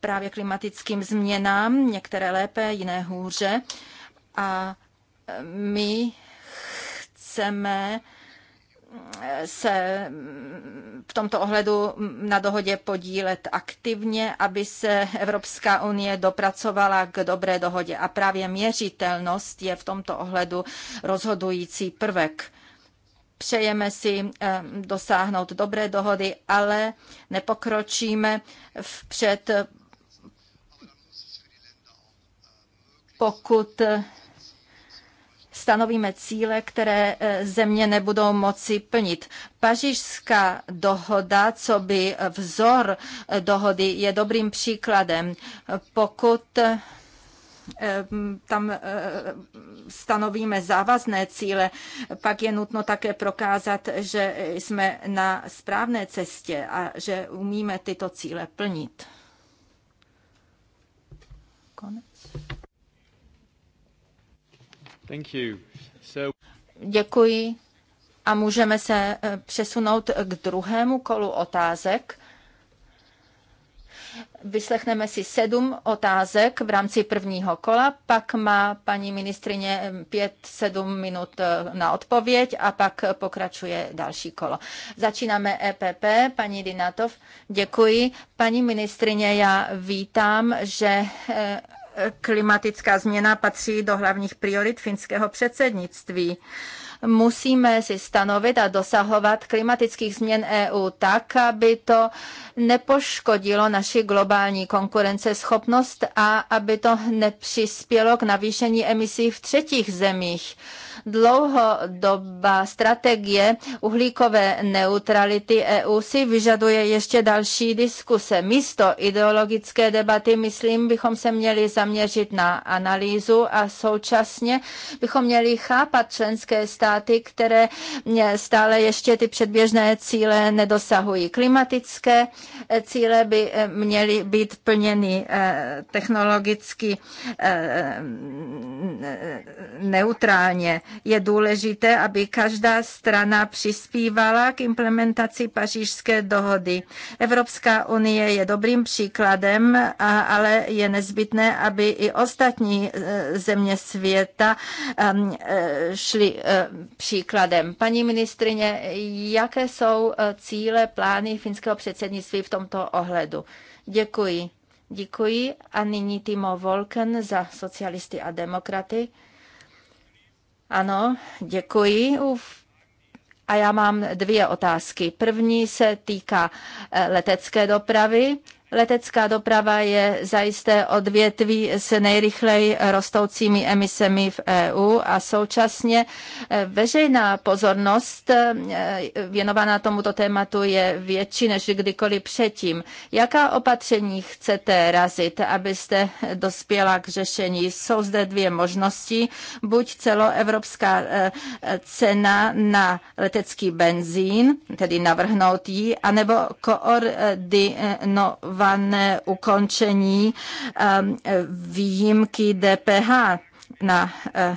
právě klimatickým změnám, některé lépe, jiné hůře. A my chceme se v tomto ohledu na dohodě podílet aktivně, aby se Evropská unie dopracovala k dobré dohodě. A právě měřitelnost je v tomto ohledu rozhodující prvek. Přejeme si eh, dosáhnout dobré dohody, ale nepokročíme vpřed, pokud stanovíme cíle, které eh, země nebudou moci plnit. Pařížská dohoda, co by vzor eh, dohody, je dobrým příkladem. Pokud eh, tam stanovíme závazné cíle, pak je nutno také prokázat, že jsme na správné cestě a že umíme tyto cíle plnit. Konec. Děkuji. A můžeme se eh, přesunout k druhému kolu otázek. Vyslechneme si sedm otázek v rámci prvního kola, pak má paní ministrině eh, pět, sedm minut eh, na odpověď a pak pokračuje další kolo. Začínáme EPP, paní Dinatov, děkuji. Paní ministrině, já vítám, že klimatická změna patří do hlavních priorit finského předsednictví. Musíme si stanovit a dosahovat klimatických změn EU tak, aby to nepoškodilo naši globální konkurenceschopnost a aby to nepřispělo k navýšení emisí v třetích zemích dlouhodobá strategie uhlíkové neutrality EU si vyžaduje ještě další diskuse. Místo ideologické debaty, myslím, bychom se měli zaměřit na analýzu a současně bychom měli chápat členské státy, které stále ještě ty předběžné cíle nedosahují. Klimatické eh, cíle by eh, měly být plněny eh, technologicky neutrálně je důležité, aby každá strana přispívala k implementaci pařížské dohody. Evropská unie je dobrým příkladem, ale je nezbytné, aby i ostatní e, země světa e, šly e, příkladem. Paní ministrině, jaké jsou cíle, plány finského předsednictví v tomto ohledu? Děkuji. Děkuji a nyní Timo Volken za socialisty a demokraty. Ano, děkuji. Uf. A já mám dvě otázky. První se týká eh, letecké dopravy. Letecká doprava je zajisté odvětví s nejrychleji rostoucími emisemi v EU a současně eh, veřejná pozornost eh, věnovaná tomuto tématu je větší než kdykoliv předtím. Jaká opatření chcete razit, abyste dospěla k řešení? Jsou zde dvě možnosti. Buď celoevropská eh, cena na letecký benzín, tedy navrhnout ji, anebo koordinovat plánované ukončení ehm, výjimky DPH na eh,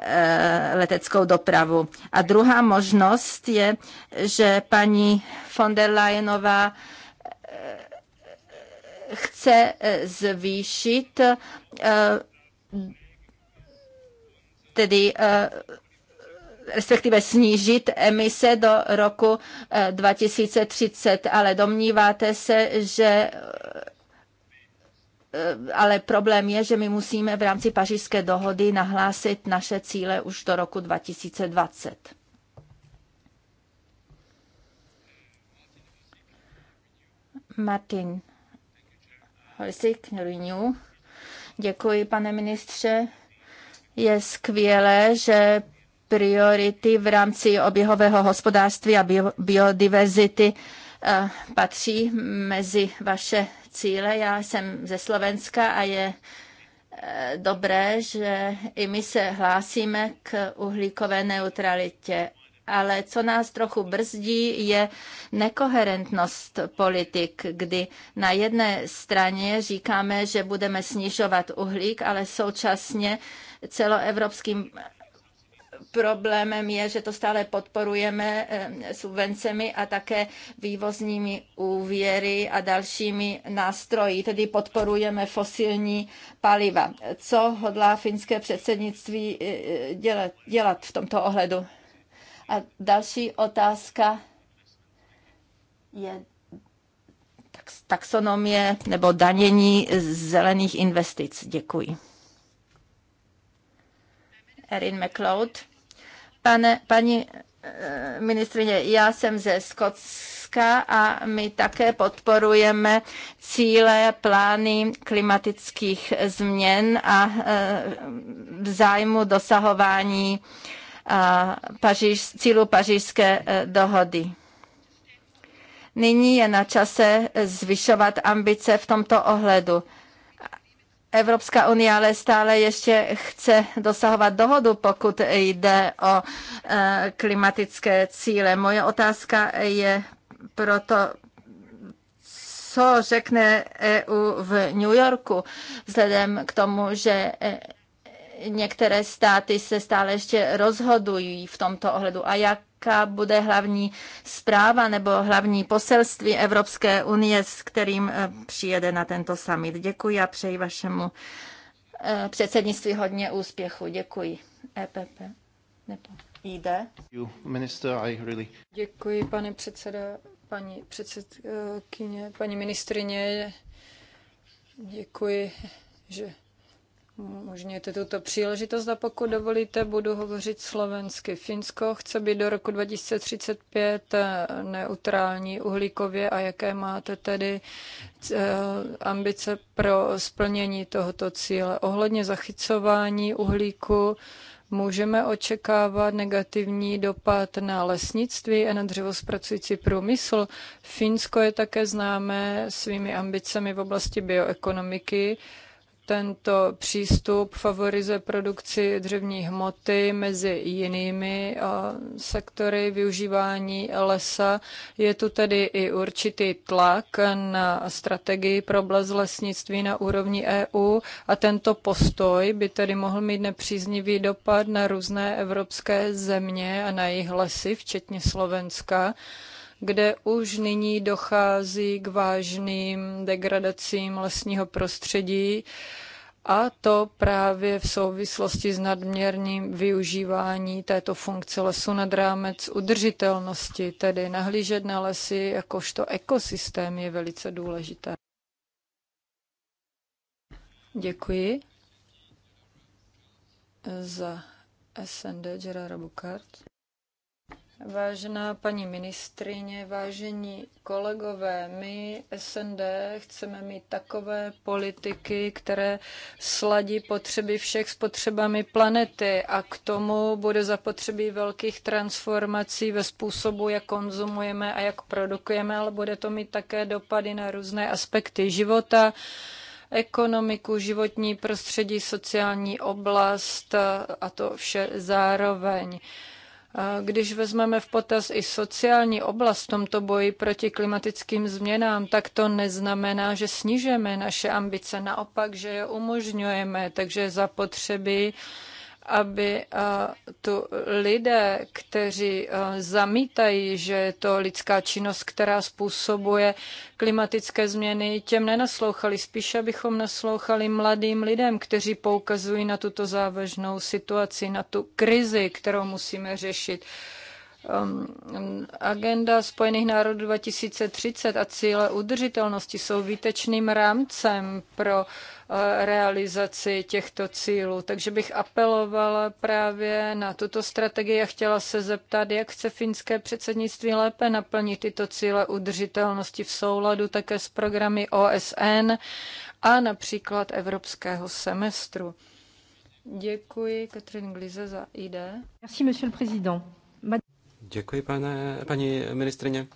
eh, leteckou dopravu. A druhá možnost je, že paní von der Leyenová eh, chce zvýšit tedy respektive snížit emise do roku 2030, eh, ale domníváte se, že eh, ale problém je, že my musíme v rámci pařížské dohody nahlásit naše cíle už do roku 2020. Martin Holsik, Renew. Děkuji, pane ministře. Je skvělé, že priority v rámci oběhového hospodářství a biodiverzity eh, patří mezi vaše cíle. Já jsem ze Slovenska a je eh, dobré, že i my se hlásíme k uhlíkové neutralitě. Ale co nás trochu brzdí, je nekoherentnost politik, kdy na jedné straně říkáme, že budeme snižovat uhlík, ale současně celoevropským Problémem je, že to stále podporujeme eh, subvencemi a také vývozními úvěry a dalšími nástroji, tedy podporujeme fosilní paliva. Co hodlá finské předsednictví eh, dělat, dělat v tomto ohledu? A další otázka je taxonomie nebo danění zelených investic. Děkuji. Erin McLeod. Pane, paní eh, ministrině, já jsem ze Skotska a my také podporujeme cíle, plány klimatických změn a eh, v zájmu dosahování eh, cílu pařížské dohody. Nyní je na čase zvyšovat ambice v tomto ohledu. Evropská unie ale stále ještě chce dosahovat dohodu, pokud jde o e, klimatické cíle. Moje otázka je proto, co řekne EU v New Yorku, vzhledem k tomu, že e, některé státy se stále ještě rozhodují v tomto ohledu a jak jaká bude hlavní zpráva nebo hlavní poselství Evropské unie, s kterým eh, přijede na tento summit. Děkuji a přeji vašemu eh, předsednictví hodně úspěchu. Děkuji. EPP. Nebo ID. Děkuji, pane předseda, paní předsedkyně, paní ministrině. Děkuji, že Možněte tuto příležitost a pokud dovolíte, budu hovořit slovensky. Finsko chce být do roku 2035 eh, neutrální uhlíkově a jaké máte tedy eh, ambice pro splnění tohoto cíle. Ohledně zachycování uhlíku můžeme očekávat negativní dopad na lesnictví a na dřevospracující průmysl. Finsko je také známé svými ambicemi v oblasti bioekonomiky tento přístup favorizuje produkci dřevní hmoty mezi jinými eh, sektory využívání lesa. Je tu tedy i určitý tlak na strategii pro oblast lesnictví na úrovni EU a tento postoj by tedy mohl mít nepříznivý dopad na různé evropské země a na jejich lesy, včetně Slovenska kde už nyní dochází k vážným degradacím lesního prostředí a to právě v souvislosti s nadměrným využívání této funkce lesu nad rámec udržitelnosti, tedy nahlížet na lesy jakožto ekosystém je velice důležité. Děkuji za SND Gerard Bukart. Vážená paní ministrině, vážení kolegové, my SND chceme mít takové politiky, které sladí potřeby všech s potřebami planety a k tomu bude zapotřebí velkých transformací ve způsobu, jak konzumujeme a jak produkujeme, ale bude to mít také dopady na různé aspekty života, ekonomiku, životní prostředí, sociální oblast a to vše zároveň. Když vezmeme v potaz i sociální oblast v tomto boji proti klimatickým změnám, tak to neznamená, že snižujeme naše ambice, naopak, že je umožňujeme, takže zapotřebí aby eh, tu lidé, kteří eh, zamítají, že je to lidská činnost, která způsobuje klimatické změny, těm nenaslouchali. Spíše abychom naslouchali mladým lidem, kteří poukazují na tuto závažnou situaci, na tu krizi, kterou musíme řešit. Um, agenda Spojených národů 2030 a cíle udržitelnosti jsou výtečným rámcem pro uh, realizaci těchto cílů. Takže bych apelovala právě na tuto strategii a chtěla se zeptat, jak chce finské předsednictví lépe naplnit tyto cíle udržitelnosti v souladu také s programy OSN a například evropského semestru. Děkuji Katrin Glize za ID. Merci, monsieur le président. Děkuji, pane, paní ministrině.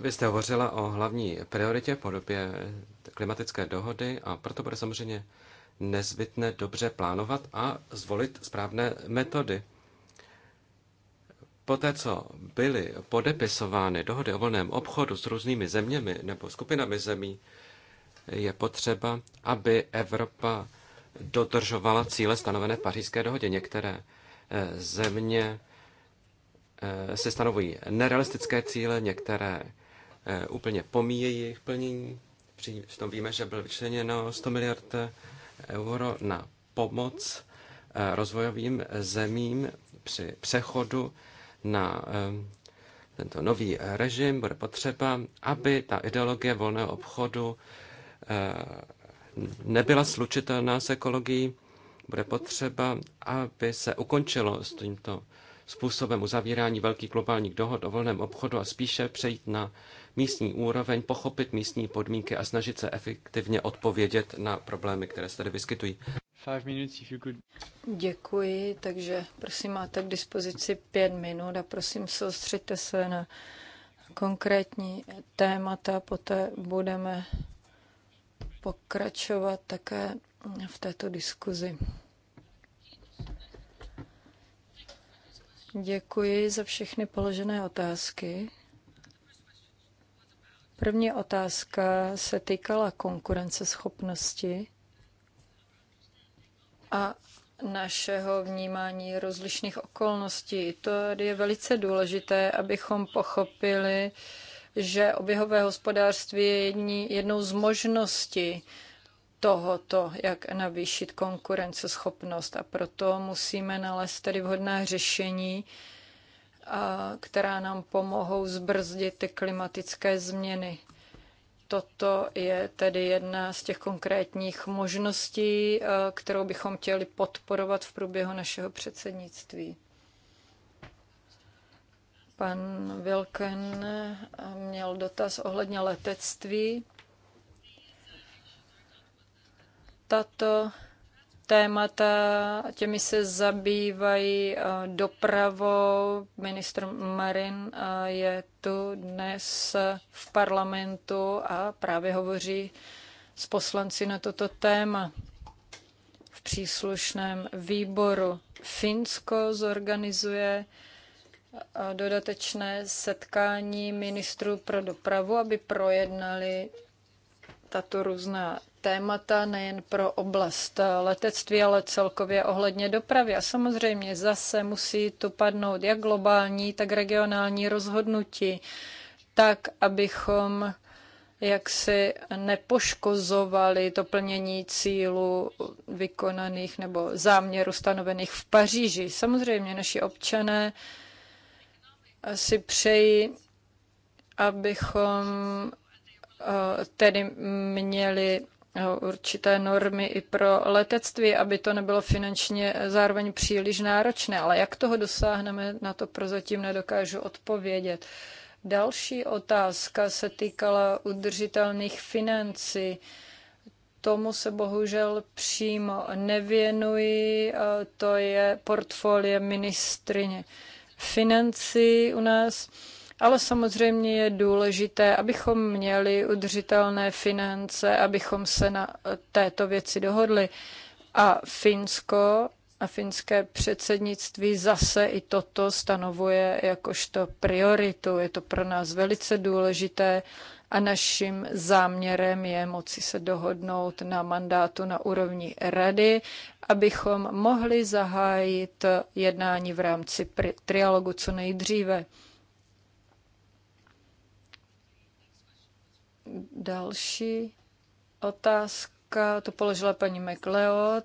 Vy jste hovořila o hlavní prioritě v podobě klimatické dohody a proto bude samozřejmě nezbytné dobře plánovat a zvolit správné metody. Poté, co byly podepisovány dohody o volném obchodu s různými zeměmi nebo skupinami zemí, je potřeba, aby Evropa dodržovala cíle stanovené v pařížské dohodě. Některé eh, země Eh, se stanovují nerealistické cíle, některé eh, úplně pomíjejí jejich plnění. Přitom víme, že bylo vyčleněno 100 miliard eh, euro na pomoc rozvojovým zemím při přechodu na tento nový režim. Bude potřeba, aby ta ideologie volného obchodu nebyla slučitelná s ekologií. Bude potřeba, aby se ukončilo s tímto způsobem uzavírání velkých globálních dohod o volném obchodu a spíše přejít na místní úroveň, pochopit místní podmínky a snažit se efektivně odpovědět na problémy, které se tady vyskytují. Děkuji, takže prosím, máte k dispozici pět minut a prosím, soustřeďte se na konkrétní témata, poté budeme pokračovat také v této diskuzi. Děkuji za všechny položené otázky. První otázka se týkala konkurenceschopnosti a našeho vnímání rozlišných okolností. To je velice důležité, abychom pochopili, že oběhové hospodářství je jední, jednou z možností, tohoto, jak navýšit konkurenceschopnost. A proto musíme nalézt tedy vhodné řešení, která nám pomohou zbrzdit ty klimatické změny. Toto je tedy jedna z těch konkrétních možností, kterou bychom chtěli podporovat v průběhu našeho předsednictví. Pan Wilken měl dotaz ohledně letectví. tato témata, těmi se zabývají eh, dopravou. Ministr Marin eh, je tu dnes eh, v parlamentu a právě hovoří s poslanci na toto téma v příslušném výboru. Finsko zorganizuje dodatečné setkání ministrů pro dopravu, aby projednali tato různá témata nejen pro oblast letectví, ale celkově ohledně dopravy. A samozřejmě zase musí tu padnout jak globální, tak regionální rozhodnutí, tak abychom jak si nepoškozovali to plnění cílů vykonaných nebo záměru stanovených v Paříži. Samozřejmě naši občané si přejí, abychom eh, tedy měli určité normy i pro letectví, aby to nebylo finančně zároveň příliš náročné. Ale jak toho dosáhneme, na to prozatím nedokážu odpovědět. Další otázka se týkala udržitelných financí. Tomu se bohužel přímo nevěnuji, to je portfolie ministrině financí u nás. Ale samozřejmě je důležité, abychom měli udržitelné finance, abychom se na této věci dohodli. A Finsko a finské předsednictví zase i toto stanovuje jakožto prioritu. Je to pro nás velice důležité a naším záměrem je moci se dohodnout na mandátu na úrovni rady, abychom mohli zahájit jednání v rámci trialogu co nejdříve. Další otázka, to položila paní McLeod,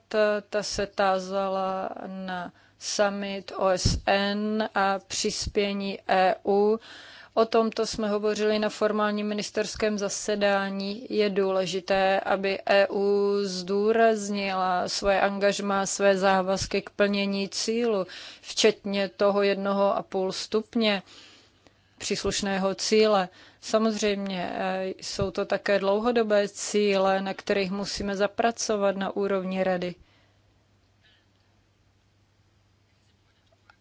ta se tázala na summit OSN a přispění EU. O tomto jsme hovořili na formálním ministerském zasedání. Je důležité, aby EU zdůraznila svoje angažmá, své závazky k plnění cílu, včetně toho jednoho a půl stupně příslušného cíle. Samozřejmě eh, jsou to také dlouhodobé cíle, na kterých musíme zapracovat na úrovni rady.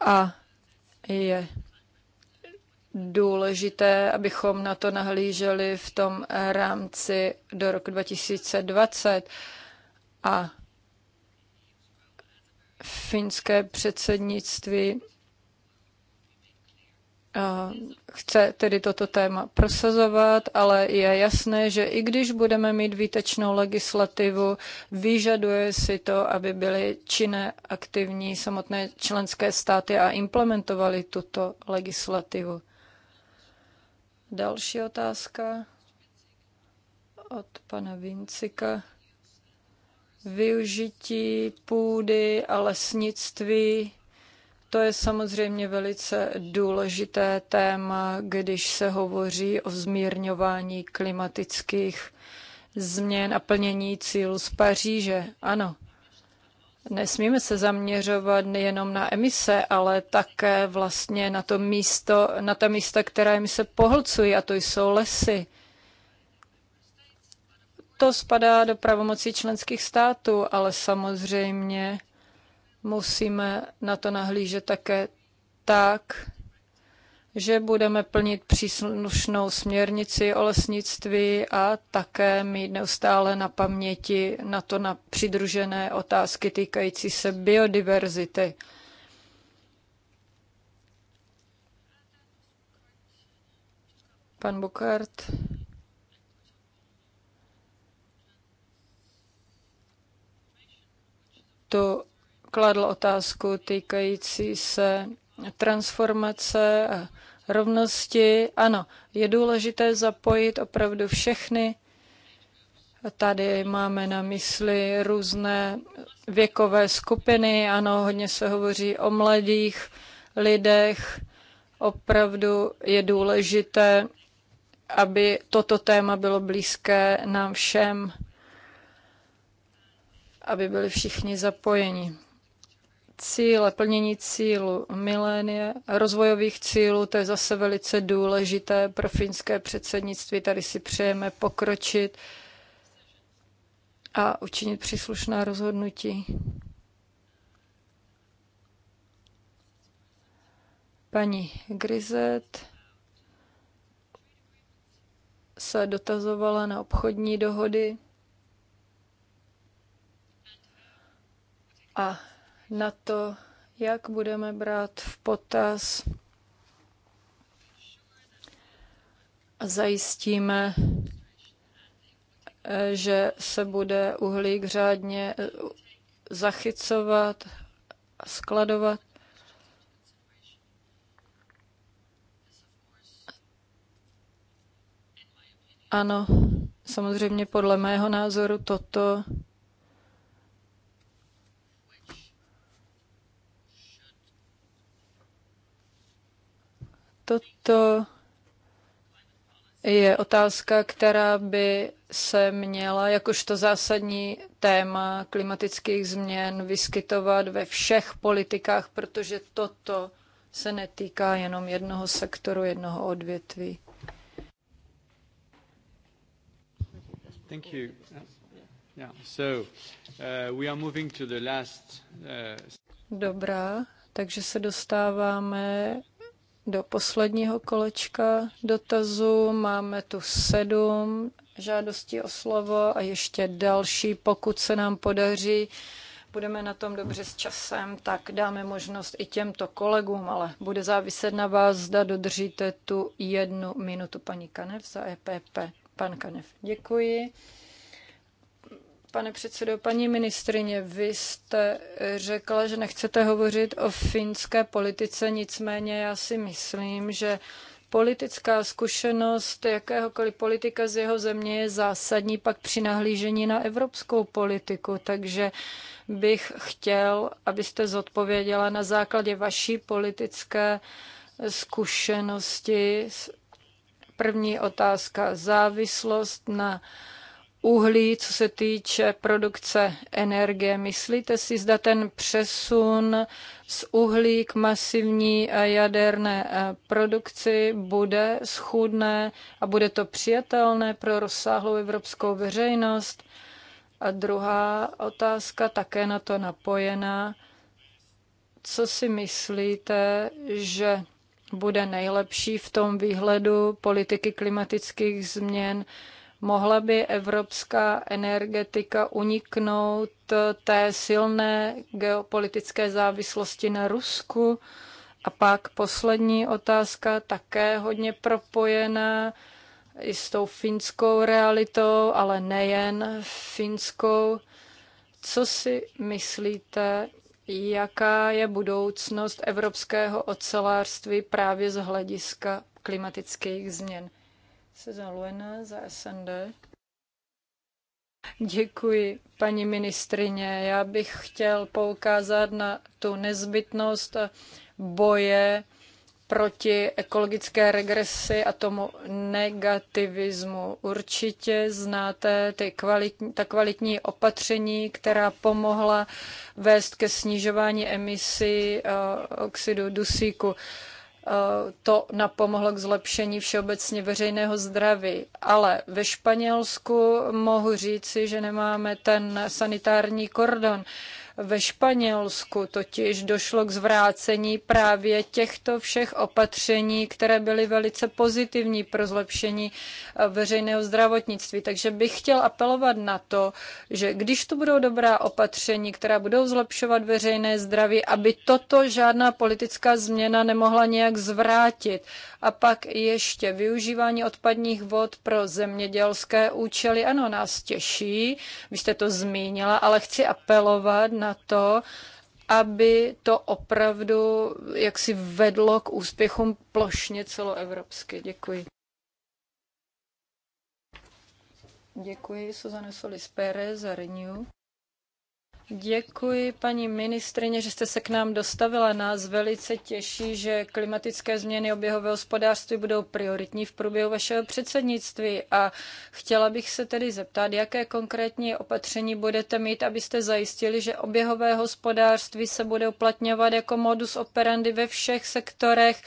A je důležité, abychom na to nahlíželi v tom rámci do roku 2020 a finské předsednictví chce tedy toto téma prosazovat, ale je jasné, že i když budeme mít výtečnou legislativu, vyžaduje si to, aby byly činné aktivní samotné členské státy a implementovali tuto legislativu. Další otázka od pana Vincika. Využití půdy a lesnictví to je samozřejmě velice důležité téma, když se hovoří o zmírňování klimatických změn a plnění cílů z Paříže. Ano, nesmíme se zaměřovat nejenom na emise, ale také vlastně na, to místo, na ta místa, která se pohlcují, a to jsou lesy. To spadá do pravomocí členských států, ale samozřejmě musíme na to nahlížet také tak, že budeme plnit příslušnou směrnici o lesnictví a také mít neustále na paměti na to na přidružené otázky týkající se biodiverzity. Pan Bukart. To kladl otázku týkající se transformace a rovnosti. Ano, je důležité zapojit opravdu všechny. Tady máme na mysli různé věkové skupiny. Ano, hodně se hovoří o mladých lidech. Opravdu je důležité, aby toto téma bylo blízké nám všem, aby byli všichni zapojeni cíle, plnění cílu milénie, rozvojových cílů, to je zase velice důležité pro finské předsednictví. Tady si přejeme pokročit a učinit příslušná rozhodnutí. Paní Grizet se dotazovala na obchodní dohody a na to, jak budeme brát v potaz a zajistíme, že se bude uhlík řádně eh, zachycovat a skladovat. Ano, samozřejmě podle mého názoru toto Toto je otázka, která by se měla jakožto zásadní téma klimatických změn vyskytovat ve všech politikách, protože toto se netýká jenom jednoho sektoru, jednoho odvětví. Thank you. Yeah. So, uh, we are moving to the last, uh... Dobrá, takže se dostáváme do posledního kolečka dotazů. Máme tu sedm žádostí o slovo a ještě další, pokud se nám podaří. Budeme na tom dobře s časem, tak dáme možnost i těmto kolegům, ale bude záviset na vás, zda dodržíte tu jednu minutu paní Kanev za EPP. Pan Kanev, děkuji. Pane předsedo, paní ministrině, vy jste eh, řekla, že nechcete hovořit o finské politice, nicméně já si myslím, že politická zkušenost jakéhokoliv politika z jeho země je zásadní pak při nahlížení na evropskou politiku, takže bych chtěl, abyste zodpověděla na základě vaší politické zkušenosti. První otázka, závislost na uhlí, co se týče produkce energie. Myslíte si, zda ten přesun z uhlí k masivní eh, jaderné eh, produkci bude schůdné a bude to přijatelné pro rozsáhlou evropskou veřejnost? A druhá otázka, také na to napojená. Co si myslíte, že bude nejlepší v tom výhledu politiky klimatických změn? Mohla by evropská energetika uniknout eh, té silné geopolitické závislosti na Rusku? A pak poslední otázka, také hodně propojená i s tou finskou realitou, ale nejen finskou. Co si myslíte, jaká je budoucnost evropského ocelářství právě z hlediska klimatických změn? Suzanne Luena za SND. Děkuji, paní ministrině. Já bych chtěl poukázat na tu nezbytnost boje proti ekologické regresi a tomu negativismu. Určitě znáte ty kvalitní, ta kvalitní opatření, která pomohla vést ke snižování emisí eh, oxidu dusíku to napomohlo k zlepšení všeobecně veřejného zdraví. Ale ve Španělsku mohu říci, že nemáme ten sanitární kordon. Ve Španělsku totiž došlo k zvrácení právě těchto všech opatření, které byly velice pozitivní pro zlepšení eh, veřejného zdravotnictví. Takže bych chtěl apelovat na to, že když tu budou dobrá opatření, která budou zlepšovat veřejné zdraví, aby toto žádná politická změna nemohla nějak zvrátit. A pak ještě využívání odpadních vod pro zemědělské účely. Ano, nás těší, vy jste to zmínila, ale chci apelovat na na to, aby to opravdu jaksi vedlo k úspěchům plošně celoevropsky. Děkuji. Děkuji Suzane Solis Pérez za Renew. Děkuji, paní ministrině, že jste se k nám dostavila. Nás velice těší, že klimatické změny oběhového hospodářství budou prioritní v průběhu vašeho předsednictví. A chtěla bych se tedy zeptat, jaké konkrétní opatření budete mít, abyste zajistili, že oběhové hospodářství se bude uplatňovat jako modus operandi ve všech sektorech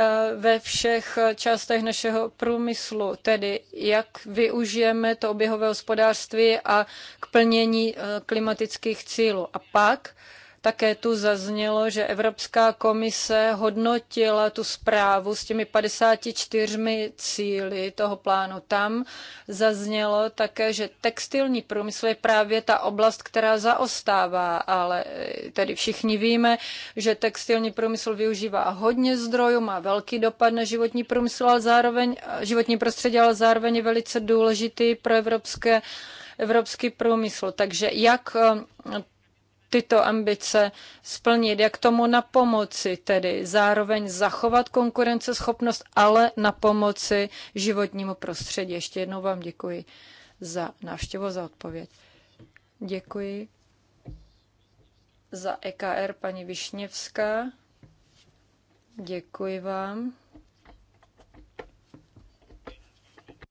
Eh, ve všech částech našeho průmyslu, tedy jak využijeme to oběhové hospodářství a k plnění eh, klimatických cílů. A pak také tu zaznělo, že Evropská komise hodnotila tu zprávu s těmi 54 cíly toho plánu. Tam zaznělo také, že textilní průmysl je právě ta oblast, která zaostává, ale eh, tedy všichni víme, že textilní průmysl využívá hodně zdrojů, má velký dopad na životní průmysl, ale zároveň eh, životní prostředí, ale zároveň je velice důležitý pro evropské evropský průmysl. Takže jak eh, tyto ambice splnit, jak tomu na pomoci, tedy zároveň zachovat konkurenceschopnost, ale na pomoci životnímu prostředí. Ještě jednou vám děkuji za návštěvu, za odpověď. Děkuji za EKR paní Višněvská. Děkuji vám.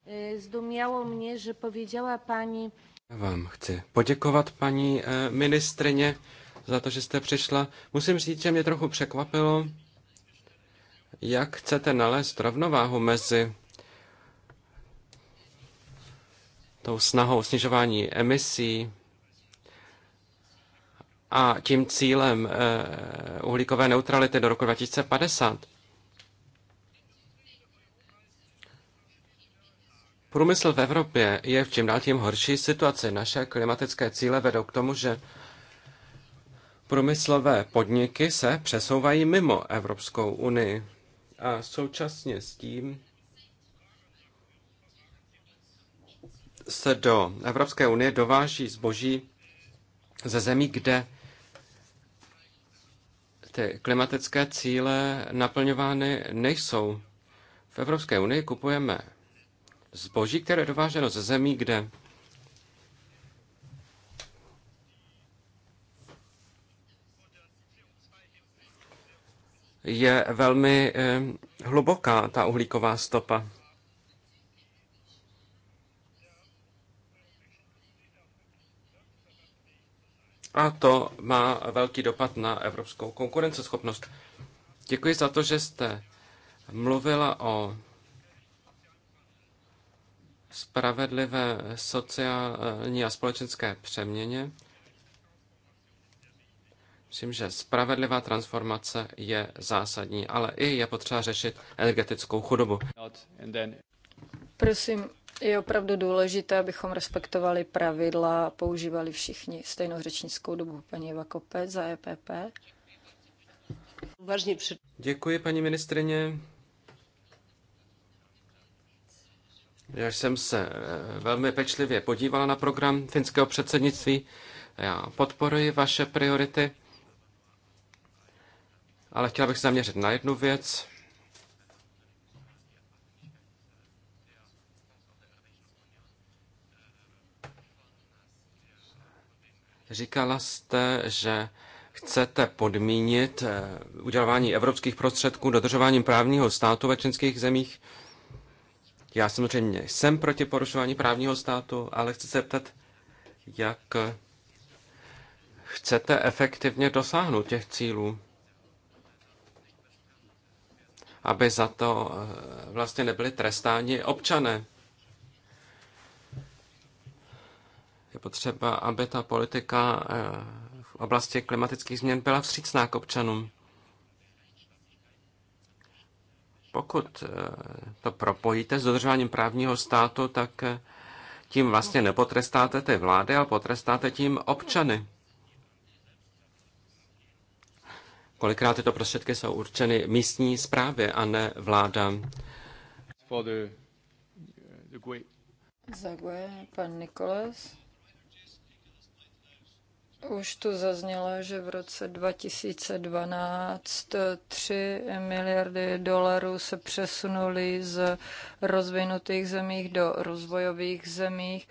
E, Zdumělo mě, že powiedziała Pani já vám chci poděkovat, paní eh, ministrině, za to, že jste přišla. Musím říct, že mě trochu překvapilo, jak chcete nalézt rovnováhu mezi tou snahou snižování emisí a tím cílem eh, uhlíkové neutrality do roku 2050. Průmysl v Evropě je v čím dál tím horší situaci. Naše klimatické cíle vedou k tomu, že průmyslové podniky se přesouvají mimo Evropskou unii. A současně s tím se do Evropské unie dováží zboží ze zemí, kde ty klimatické cíle naplňovány nejsou. V Evropské unii kupujeme zboží, které je dováženo ze zemí, kde je velmi eh, hluboká ta uhlíková stopa. A to má velký dopad na evropskou konkurenceschopnost. Děkuji za to, že jste mluvila o spravedlivé sociální a společenské přeměně. Myslím, že spravedlivá transformace je zásadní, ale i je potřeba řešit energetickou chudobu. Prosím, je opravdu důležité, abychom respektovali pravidla a používali všichni stejnou řečnickou dobu. Paní Eva Kopec za EPP. Děkuji, paní ministrině. Já jsem se eh, velmi pečlivě podívala na program finského předsednictví. Já podporuji vaše priority, ale chtěla bych se zaměřit na jednu věc. Říkala jste, že chcete podmínit eh, udělování evropských prostředků dodržováním právního státu ve členských zemích. Já samozřejmě jsem proti porušování právního státu, ale chci se ptat, jak chcete efektivně dosáhnout těch cílů, aby za to eh, vlastně nebyly trestáni občané. Je potřeba, aby ta politika eh, v oblasti klimatických změn byla vstřícná k občanům. Pokud eh, to propojíte s dodržováním právního státu, tak eh, tím vlastně nepotrestáte ty vlády, ale potrestáte tím občany. Kolikrát tyto prostředky jsou určeny místní správě a ne vláda. Zagué, pan Nikolas. Už tu zaznělo, že v roce 2012 3 miliardy dolarů se přesunuly z rozvinutých zemích do rozvojových zemích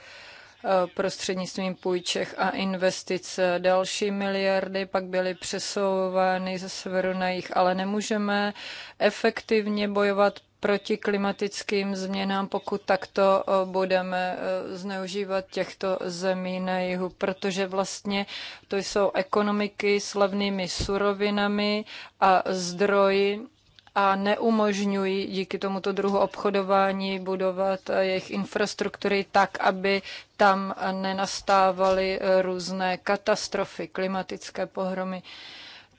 eh, prostřednictvím půjček a investic. Další miliardy pak byly přesouvány ze severu na jich, ale nemůžeme efektivně bojovat proti klimatickým změnám, pokud takto eh, budeme eh, zneužívat těchto zemí na jihu, protože vlastně to jsou ekonomiky s levnými surovinami a zdroji a neumožňují díky tomuto druhu obchodování budovat eh, jejich infrastruktury tak, aby tam nenastávaly různé katastrofy, klimatické pohromy.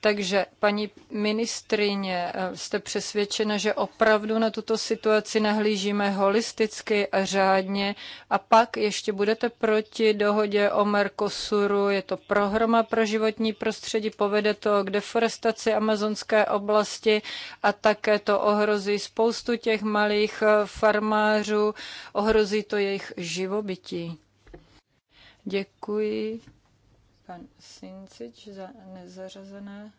Takže, paní ministrině, jste přesvědčena, že opravdu na tuto situaci nahlížíme holisticky a řádně a pak ještě budete proti dohodě o Mercosuru, je to prohroma pro životní prostředí, povede to k deforestaci amazonské oblasti a také to ohrozí spoustu těch malých eh, farmářů, ohrozí to jejich živobytí. Děkuji pan Sincič za nezařazené.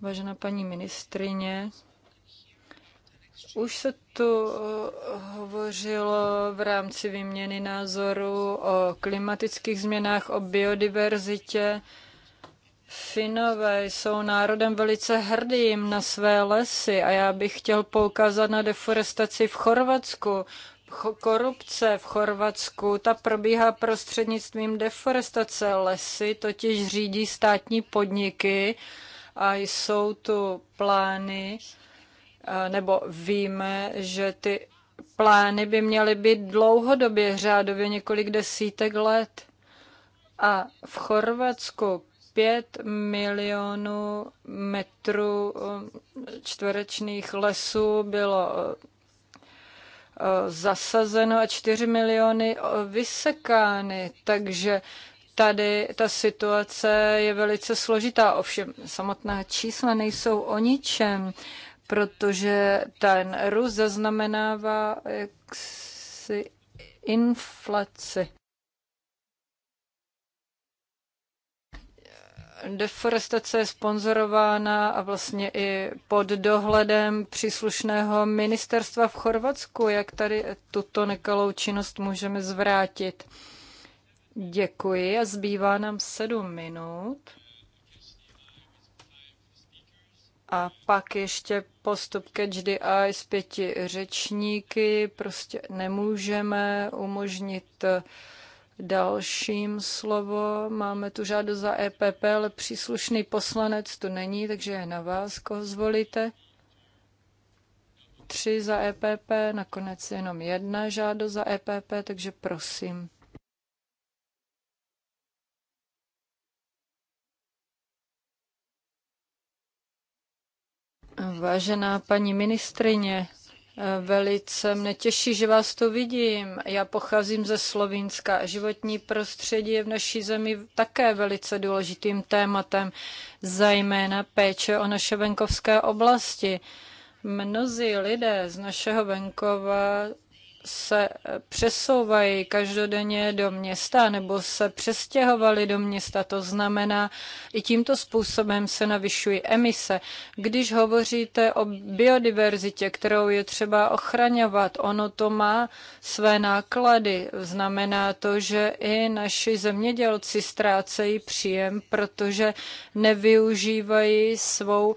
Vážená paní ministrině, už se tu eh, hovořilo v rámci výměny názoru o klimatických změnách, o biodiverzitě. Finové jsou národem velice hrdým na své lesy a já bych chtěl poukázat na deforestaci v Chorvatsku. Korupce v Chorvatsku, ta probíhá prostřednictvím deforestace. Lesy totiž řídí státní podniky a jsou tu plány, nebo víme, že ty plány by měly být dlouhodobě, řádově několik desítek let. A v Chorvatsku 5 milionů metrů eh, čtverečných lesů bylo eh, zasazeno a 4 miliony eh, vysekány, takže tady ta situace je velice složitá. Ovšem samotná čísla nejsou o ničem, protože ten růst zaznamenává jaksi inflaci. deforestace je sponzorována a vlastně i pod dohledem příslušného ministerstva v Chorvatsku. Jak tady tuto nekalou činnost můžeme zvrátit? Děkuji a zbývá nám sedm minut. A pak ještě postup catch the eye s pěti řečníky. Prostě nemůžeme umožnit uh, Dalším slovo máme tu žádost za EPP, ale příslušný poslanec tu není, takže je na vás, koho zvolíte. Tři za EPP, nakonec jenom jedna žádost za EPP, takže prosím. Vážená paní ministrině, Velice mě těší, že vás to vidím. Já pocházím ze Slovinska a životní prostředí je v naší zemi také velice důležitým tématem, zejména péče o naše venkovské oblasti. Mnozí lidé z našeho venkova se přesouvají každodenně do města nebo se přestěhovali do města. To znamená, i tímto způsobem se navyšují emise. Když hovoříte o biodiverzitě, kterou je třeba ochraňovat, ono to má své náklady. Znamená to, že i naši zemědělci ztrácejí příjem, protože nevyužívají svou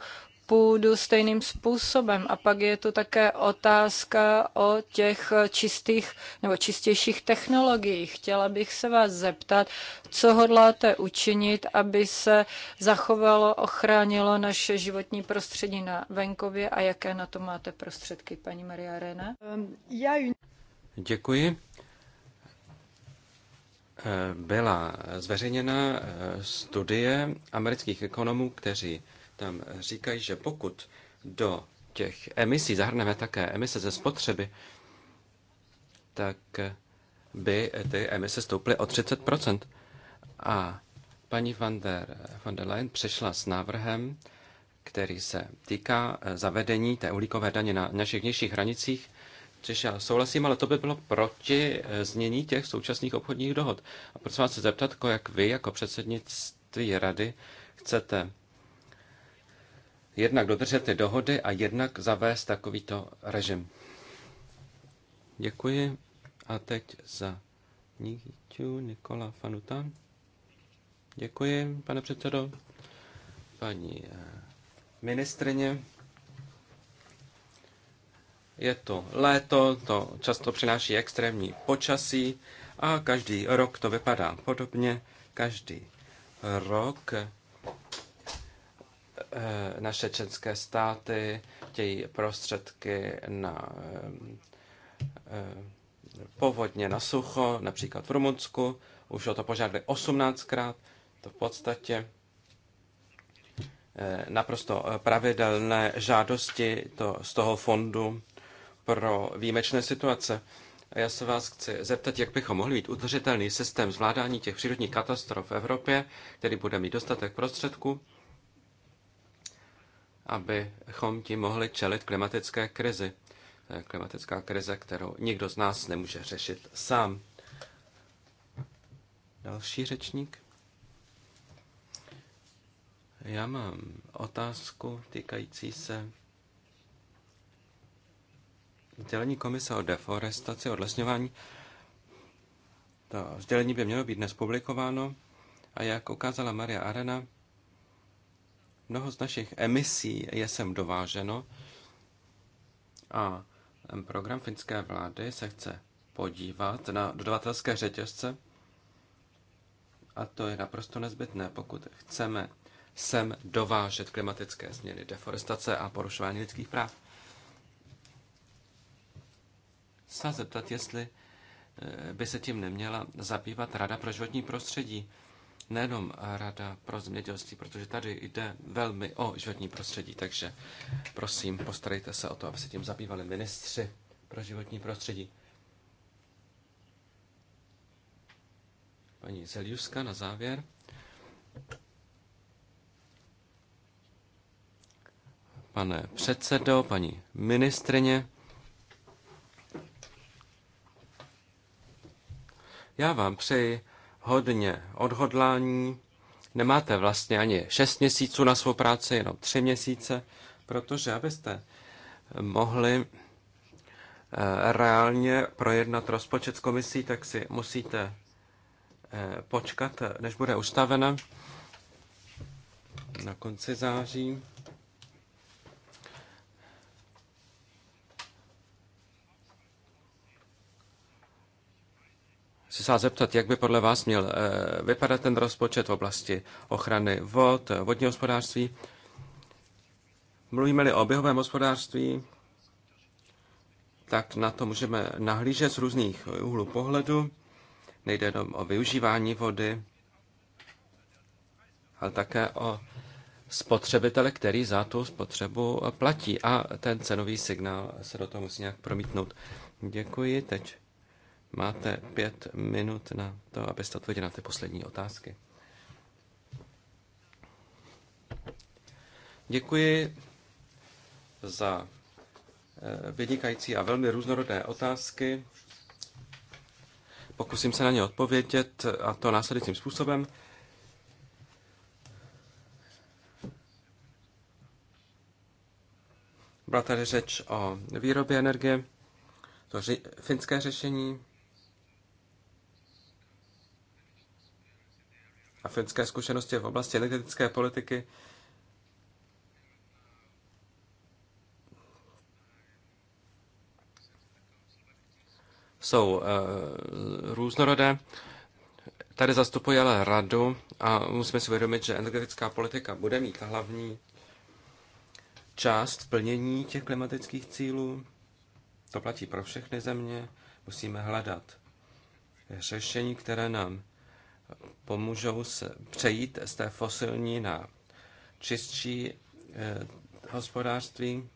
půdu stejným způsobem. A pak je tu také otázka o těch čistých nebo čistějších technologiích. Chtěla bych se vás zeptat, co hodláte učinit, aby se zachovalo, ochránilo naše životní prostředí na venkově a jaké na to máte prostředky, paní Maria Rena? Um, Děkuji. Eh, byla zveřejněna eh, studie amerických ekonomů, kteří tam říkají, že pokud do těch emisí zahrneme také emise ze spotřeby, tak by ty emise stouply o 30 A paní van der, van der Leyen přišla s návrhem, který se týká eh, zavedení té uhlíkové daně na našich vnějších hranicích, což já souhlasím, ale to by bylo proti eh, znění těch současných obchodních dohod. A prosím vás se zeptat, jako jak vy jako předsednictví rady chcete jednak dodržet ty dohody a jednak zavést takovýto režim. Děkuji. A teď za Nikitu Nikola Fanuta. Děkuji, pane předsedo. Paní eh, ministrině. Je to léto, to často přináší extrémní počasí a každý rok to vypadá podobně. Každý rok Eh, naše české státy chtějí prostředky na eh, eh, povodně na sucho, například v Rumunsku. Už o to požádali 18krát. To v podstatě naprosto pravidelné žádosti to z toho fondu pro výjimečné situace. A já se vás chci zeptat, jak bychom mohli mít udržitelný systém zvládání těch přírodních katastrof v Evropě, který bude mít dostatek prostředků abychom tím mohli čelit klimatické krizi. To je klimatická krize, kterou nikdo z nás nemůže řešit sám. Další řečník. Já mám otázku týkající se sdělení komise o deforestaci, odlesňování. To sdělení by mělo být dnes publikováno a jak ukázala Maria Arena, Mnoho z našich emisí je sem dováženo a program finské vlády se chce podívat na dodavatelské řetězce a to je naprosto nezbytné, pokud chceme sem dovážet klimatické změny, deforestace a porušování lidských práv. Se zeptat, jestli eh, by se tím neměla zabývat Rada pro životní prostředí, nejenom Rada pro zemědělství, protože tady jde velmi o životní prostředí, takže prosím, postarejte se o to, aby se tím zabývali ministři pro životní prostředí. Paní Zeliuska na závěr. Pane předsedo, paní ministrině, já vám přeji hodně odhodlání. Nemáte vlastně ani šest měsíců na svou práci, jenom tři měsíce, protože abyste mohli eh, reálně projednat rozpočet s komisí, tak si musíte eh, počkat, než bude ustavena na konci září. Chci se zeptat, jak by podle vás měl eh, vypadat ten rozpočet v oblasti ochrany vod, eh, vodního hospodářství. Mluvíme-li o oběhovém hospodářství, tak na to můžeme nahlížet z různých úhlů pohledu. Nejde jenom o využívání vody, ale také o spotřebitele, který za tu spotřebu platí. A ten cenový signál se do toho musí nějak promítnout. Děkuji. Teď Máte pět minut na to, abyste odpověděli na ty poslední otázky. Děkuji za eh, vynikající a velmi různorodé otázky. Pokusím se na ně odpovědět a to následujícím způsobem. Byla tady řeč o výrobě energie, to ři- finské řešení, a finské zkušenosti v oblasti energetické politiky. Jsou uh, různorodé. Tady zastupuji ale radu a musíme si uvědomit, že energetická politika bude mít hlavní část plnění těch klimatických cílů. To platí pro všechny země. Musíme hledat řešení, které nám pomůžou se přejít z té fosilní na čistší eh, hospodářství.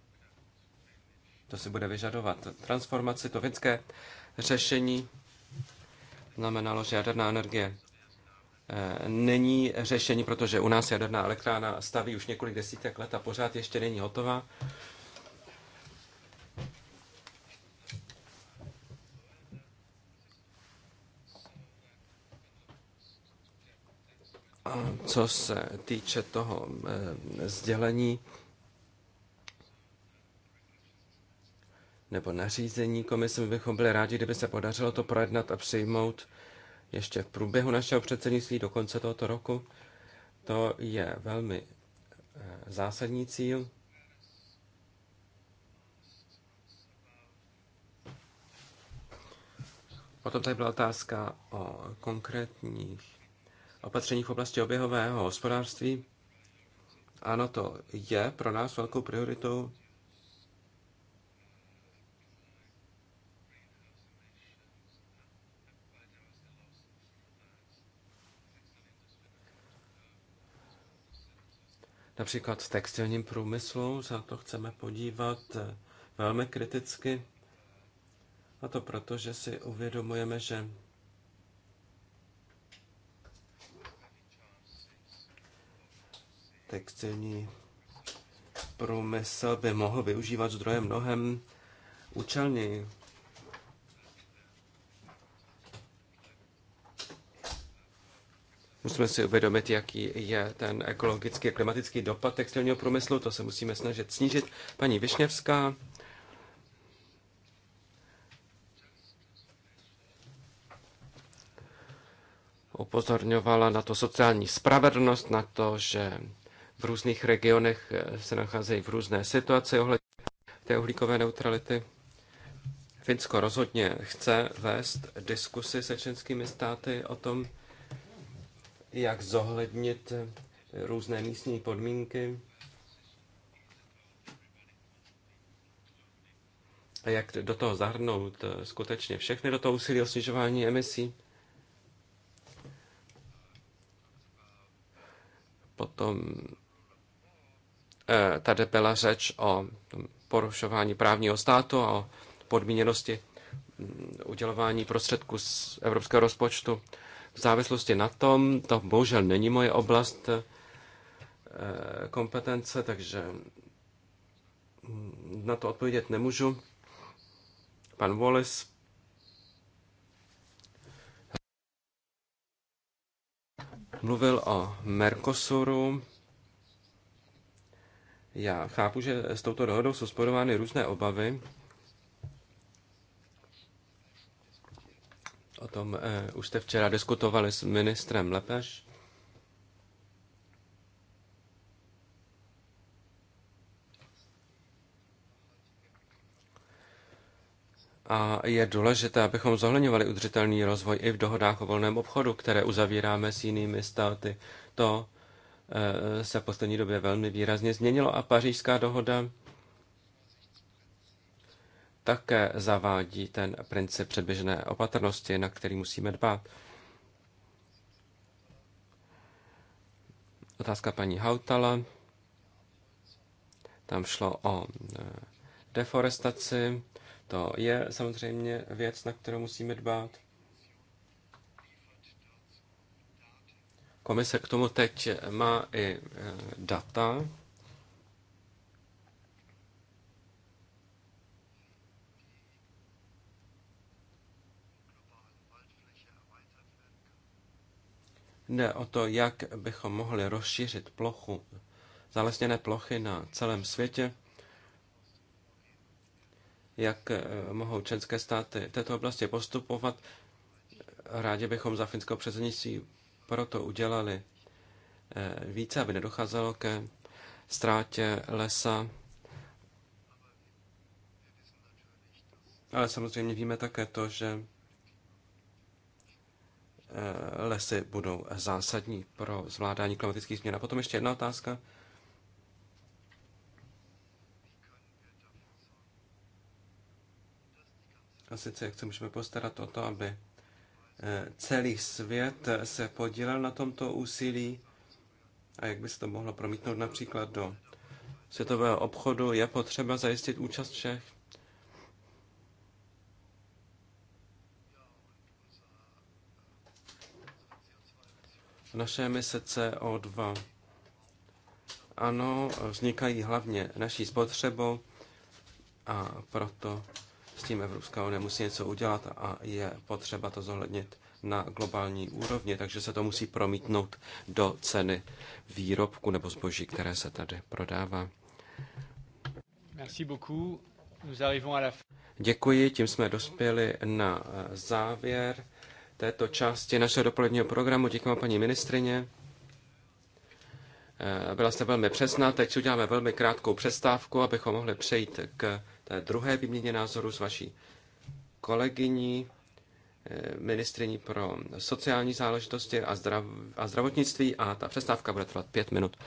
To si bude vyžadovat transformaci. To finské řešení znamenalo, že jaderná energie eh, není řešení, protože u nás jaderná elektrána staví už několik desítek let a pořád ještě není hotová. co se týče toho eh, sdělení nebo nařízení komise, my bychom byli rádi, kdyby se podařilo to projednat a přijmout ještě v průběhu našeho předsednictví do konce tohoto roku. To je velmi eh, zásadní cíl. Potom tady byla otázka o konkrétních opatření v oblasti oběhového hospodářství. Ano, to je pro nás velkou prioritou. Například v textilním průmyslu za to chceme podívat eh, velmi kriticky. A to proto, že si uvědomujeme, že textilní průmysl by mohl využívat zdroje mnohem účelněji. Musíme si uvědomit, jaký je ten ekologický a klimatický dopad textilního průmyslu. To se musíme snažit snížit. Paní Višněvská. upozorňovala na to sociální spravedlnost, na to, že v různých regionech eh, se nacházejí v různé situaci ohledně té uhlíkové neutrality. Finsko rozhodně chce vést diskusy se členskými státy o tom, jak zohlednit eh, různé místní podmínky, a jak do toho zahrnout eh, skutečně všechny do toho úsilí o snižování emisí. Potom Eh, tady byla řeč o porušování právního státu a o podmíněnosti mm, udělování prostředků z evropského rozpočtu. V závislosti na tom, to bohužel není moje oblast eh, kompetence, takže mm, na to odpovědět nemůžu. Pan Wallace. Mluvil o Mercosuru. Já chápu, že s touto dohodou jsou sporovány různé obavy O tom eh, už jste včera diskutovali s ministrem Lepeš. A je důležité, abychom zohledňovali udržitelný rozvoj i v dohodách o volném obchodu, které uzavíráme s jinými státy. To Eh, se v poslední době velmi výrazně změnilo a pařížská dohoda také zavádí ten princip předběžné opatrnosti, na který musíme dbát. Otázka paní Hautala. Tam šlo o eh, deforestaci. To je samozřejmě věc, na kterou musíme dbát. Komise k tomu teď má i e, data. Jde o to, jak bychom mohli rozšířit plochu, zalesněné plochy na celém světě, jak e, mohou české státy této oblasti postupovat. Rádi bychom za finskou předsednictví proto udělali eh, více, aby nedocházelo ke ztrátě lesa. Ale samozřejmě víme také to, že eh, lesy budou zásadní pro zvládání klimatických změn. A potom ještě jedna otázka. A sice, jak se můžeme postarat o to, aby Eh, celý svět eh, se podílel na tomto úsilí a jak by se to mohlo promítnout například do světového obchodu, je potřeba zajistit účast všech. Naše mise CO2 ano, vznikají hlavně naší spotřebou a proto s tím Evropská unie musí něco udělat a je potřeba to zohlednit na globální úrovni, takže se to musí promítnout do ceny výrobku nebo zboží, které se tady prodává. Merci beaucoup. Nous arrivons à la... Děkuji, tím jsme dospěli na závěr této části našeho dopoledního programu. Děkuji vám, paní ministrině. Byla jste velmi přesná, teď uděláme velmi krátkou přestávku, abychom mohli přejít k té druhé výměně názoru s vaší kolegyní, eh, ministriní pro sociální záležitosti a, zdrav, a zdravotnictví a ta přestávka bude trvat pět minut.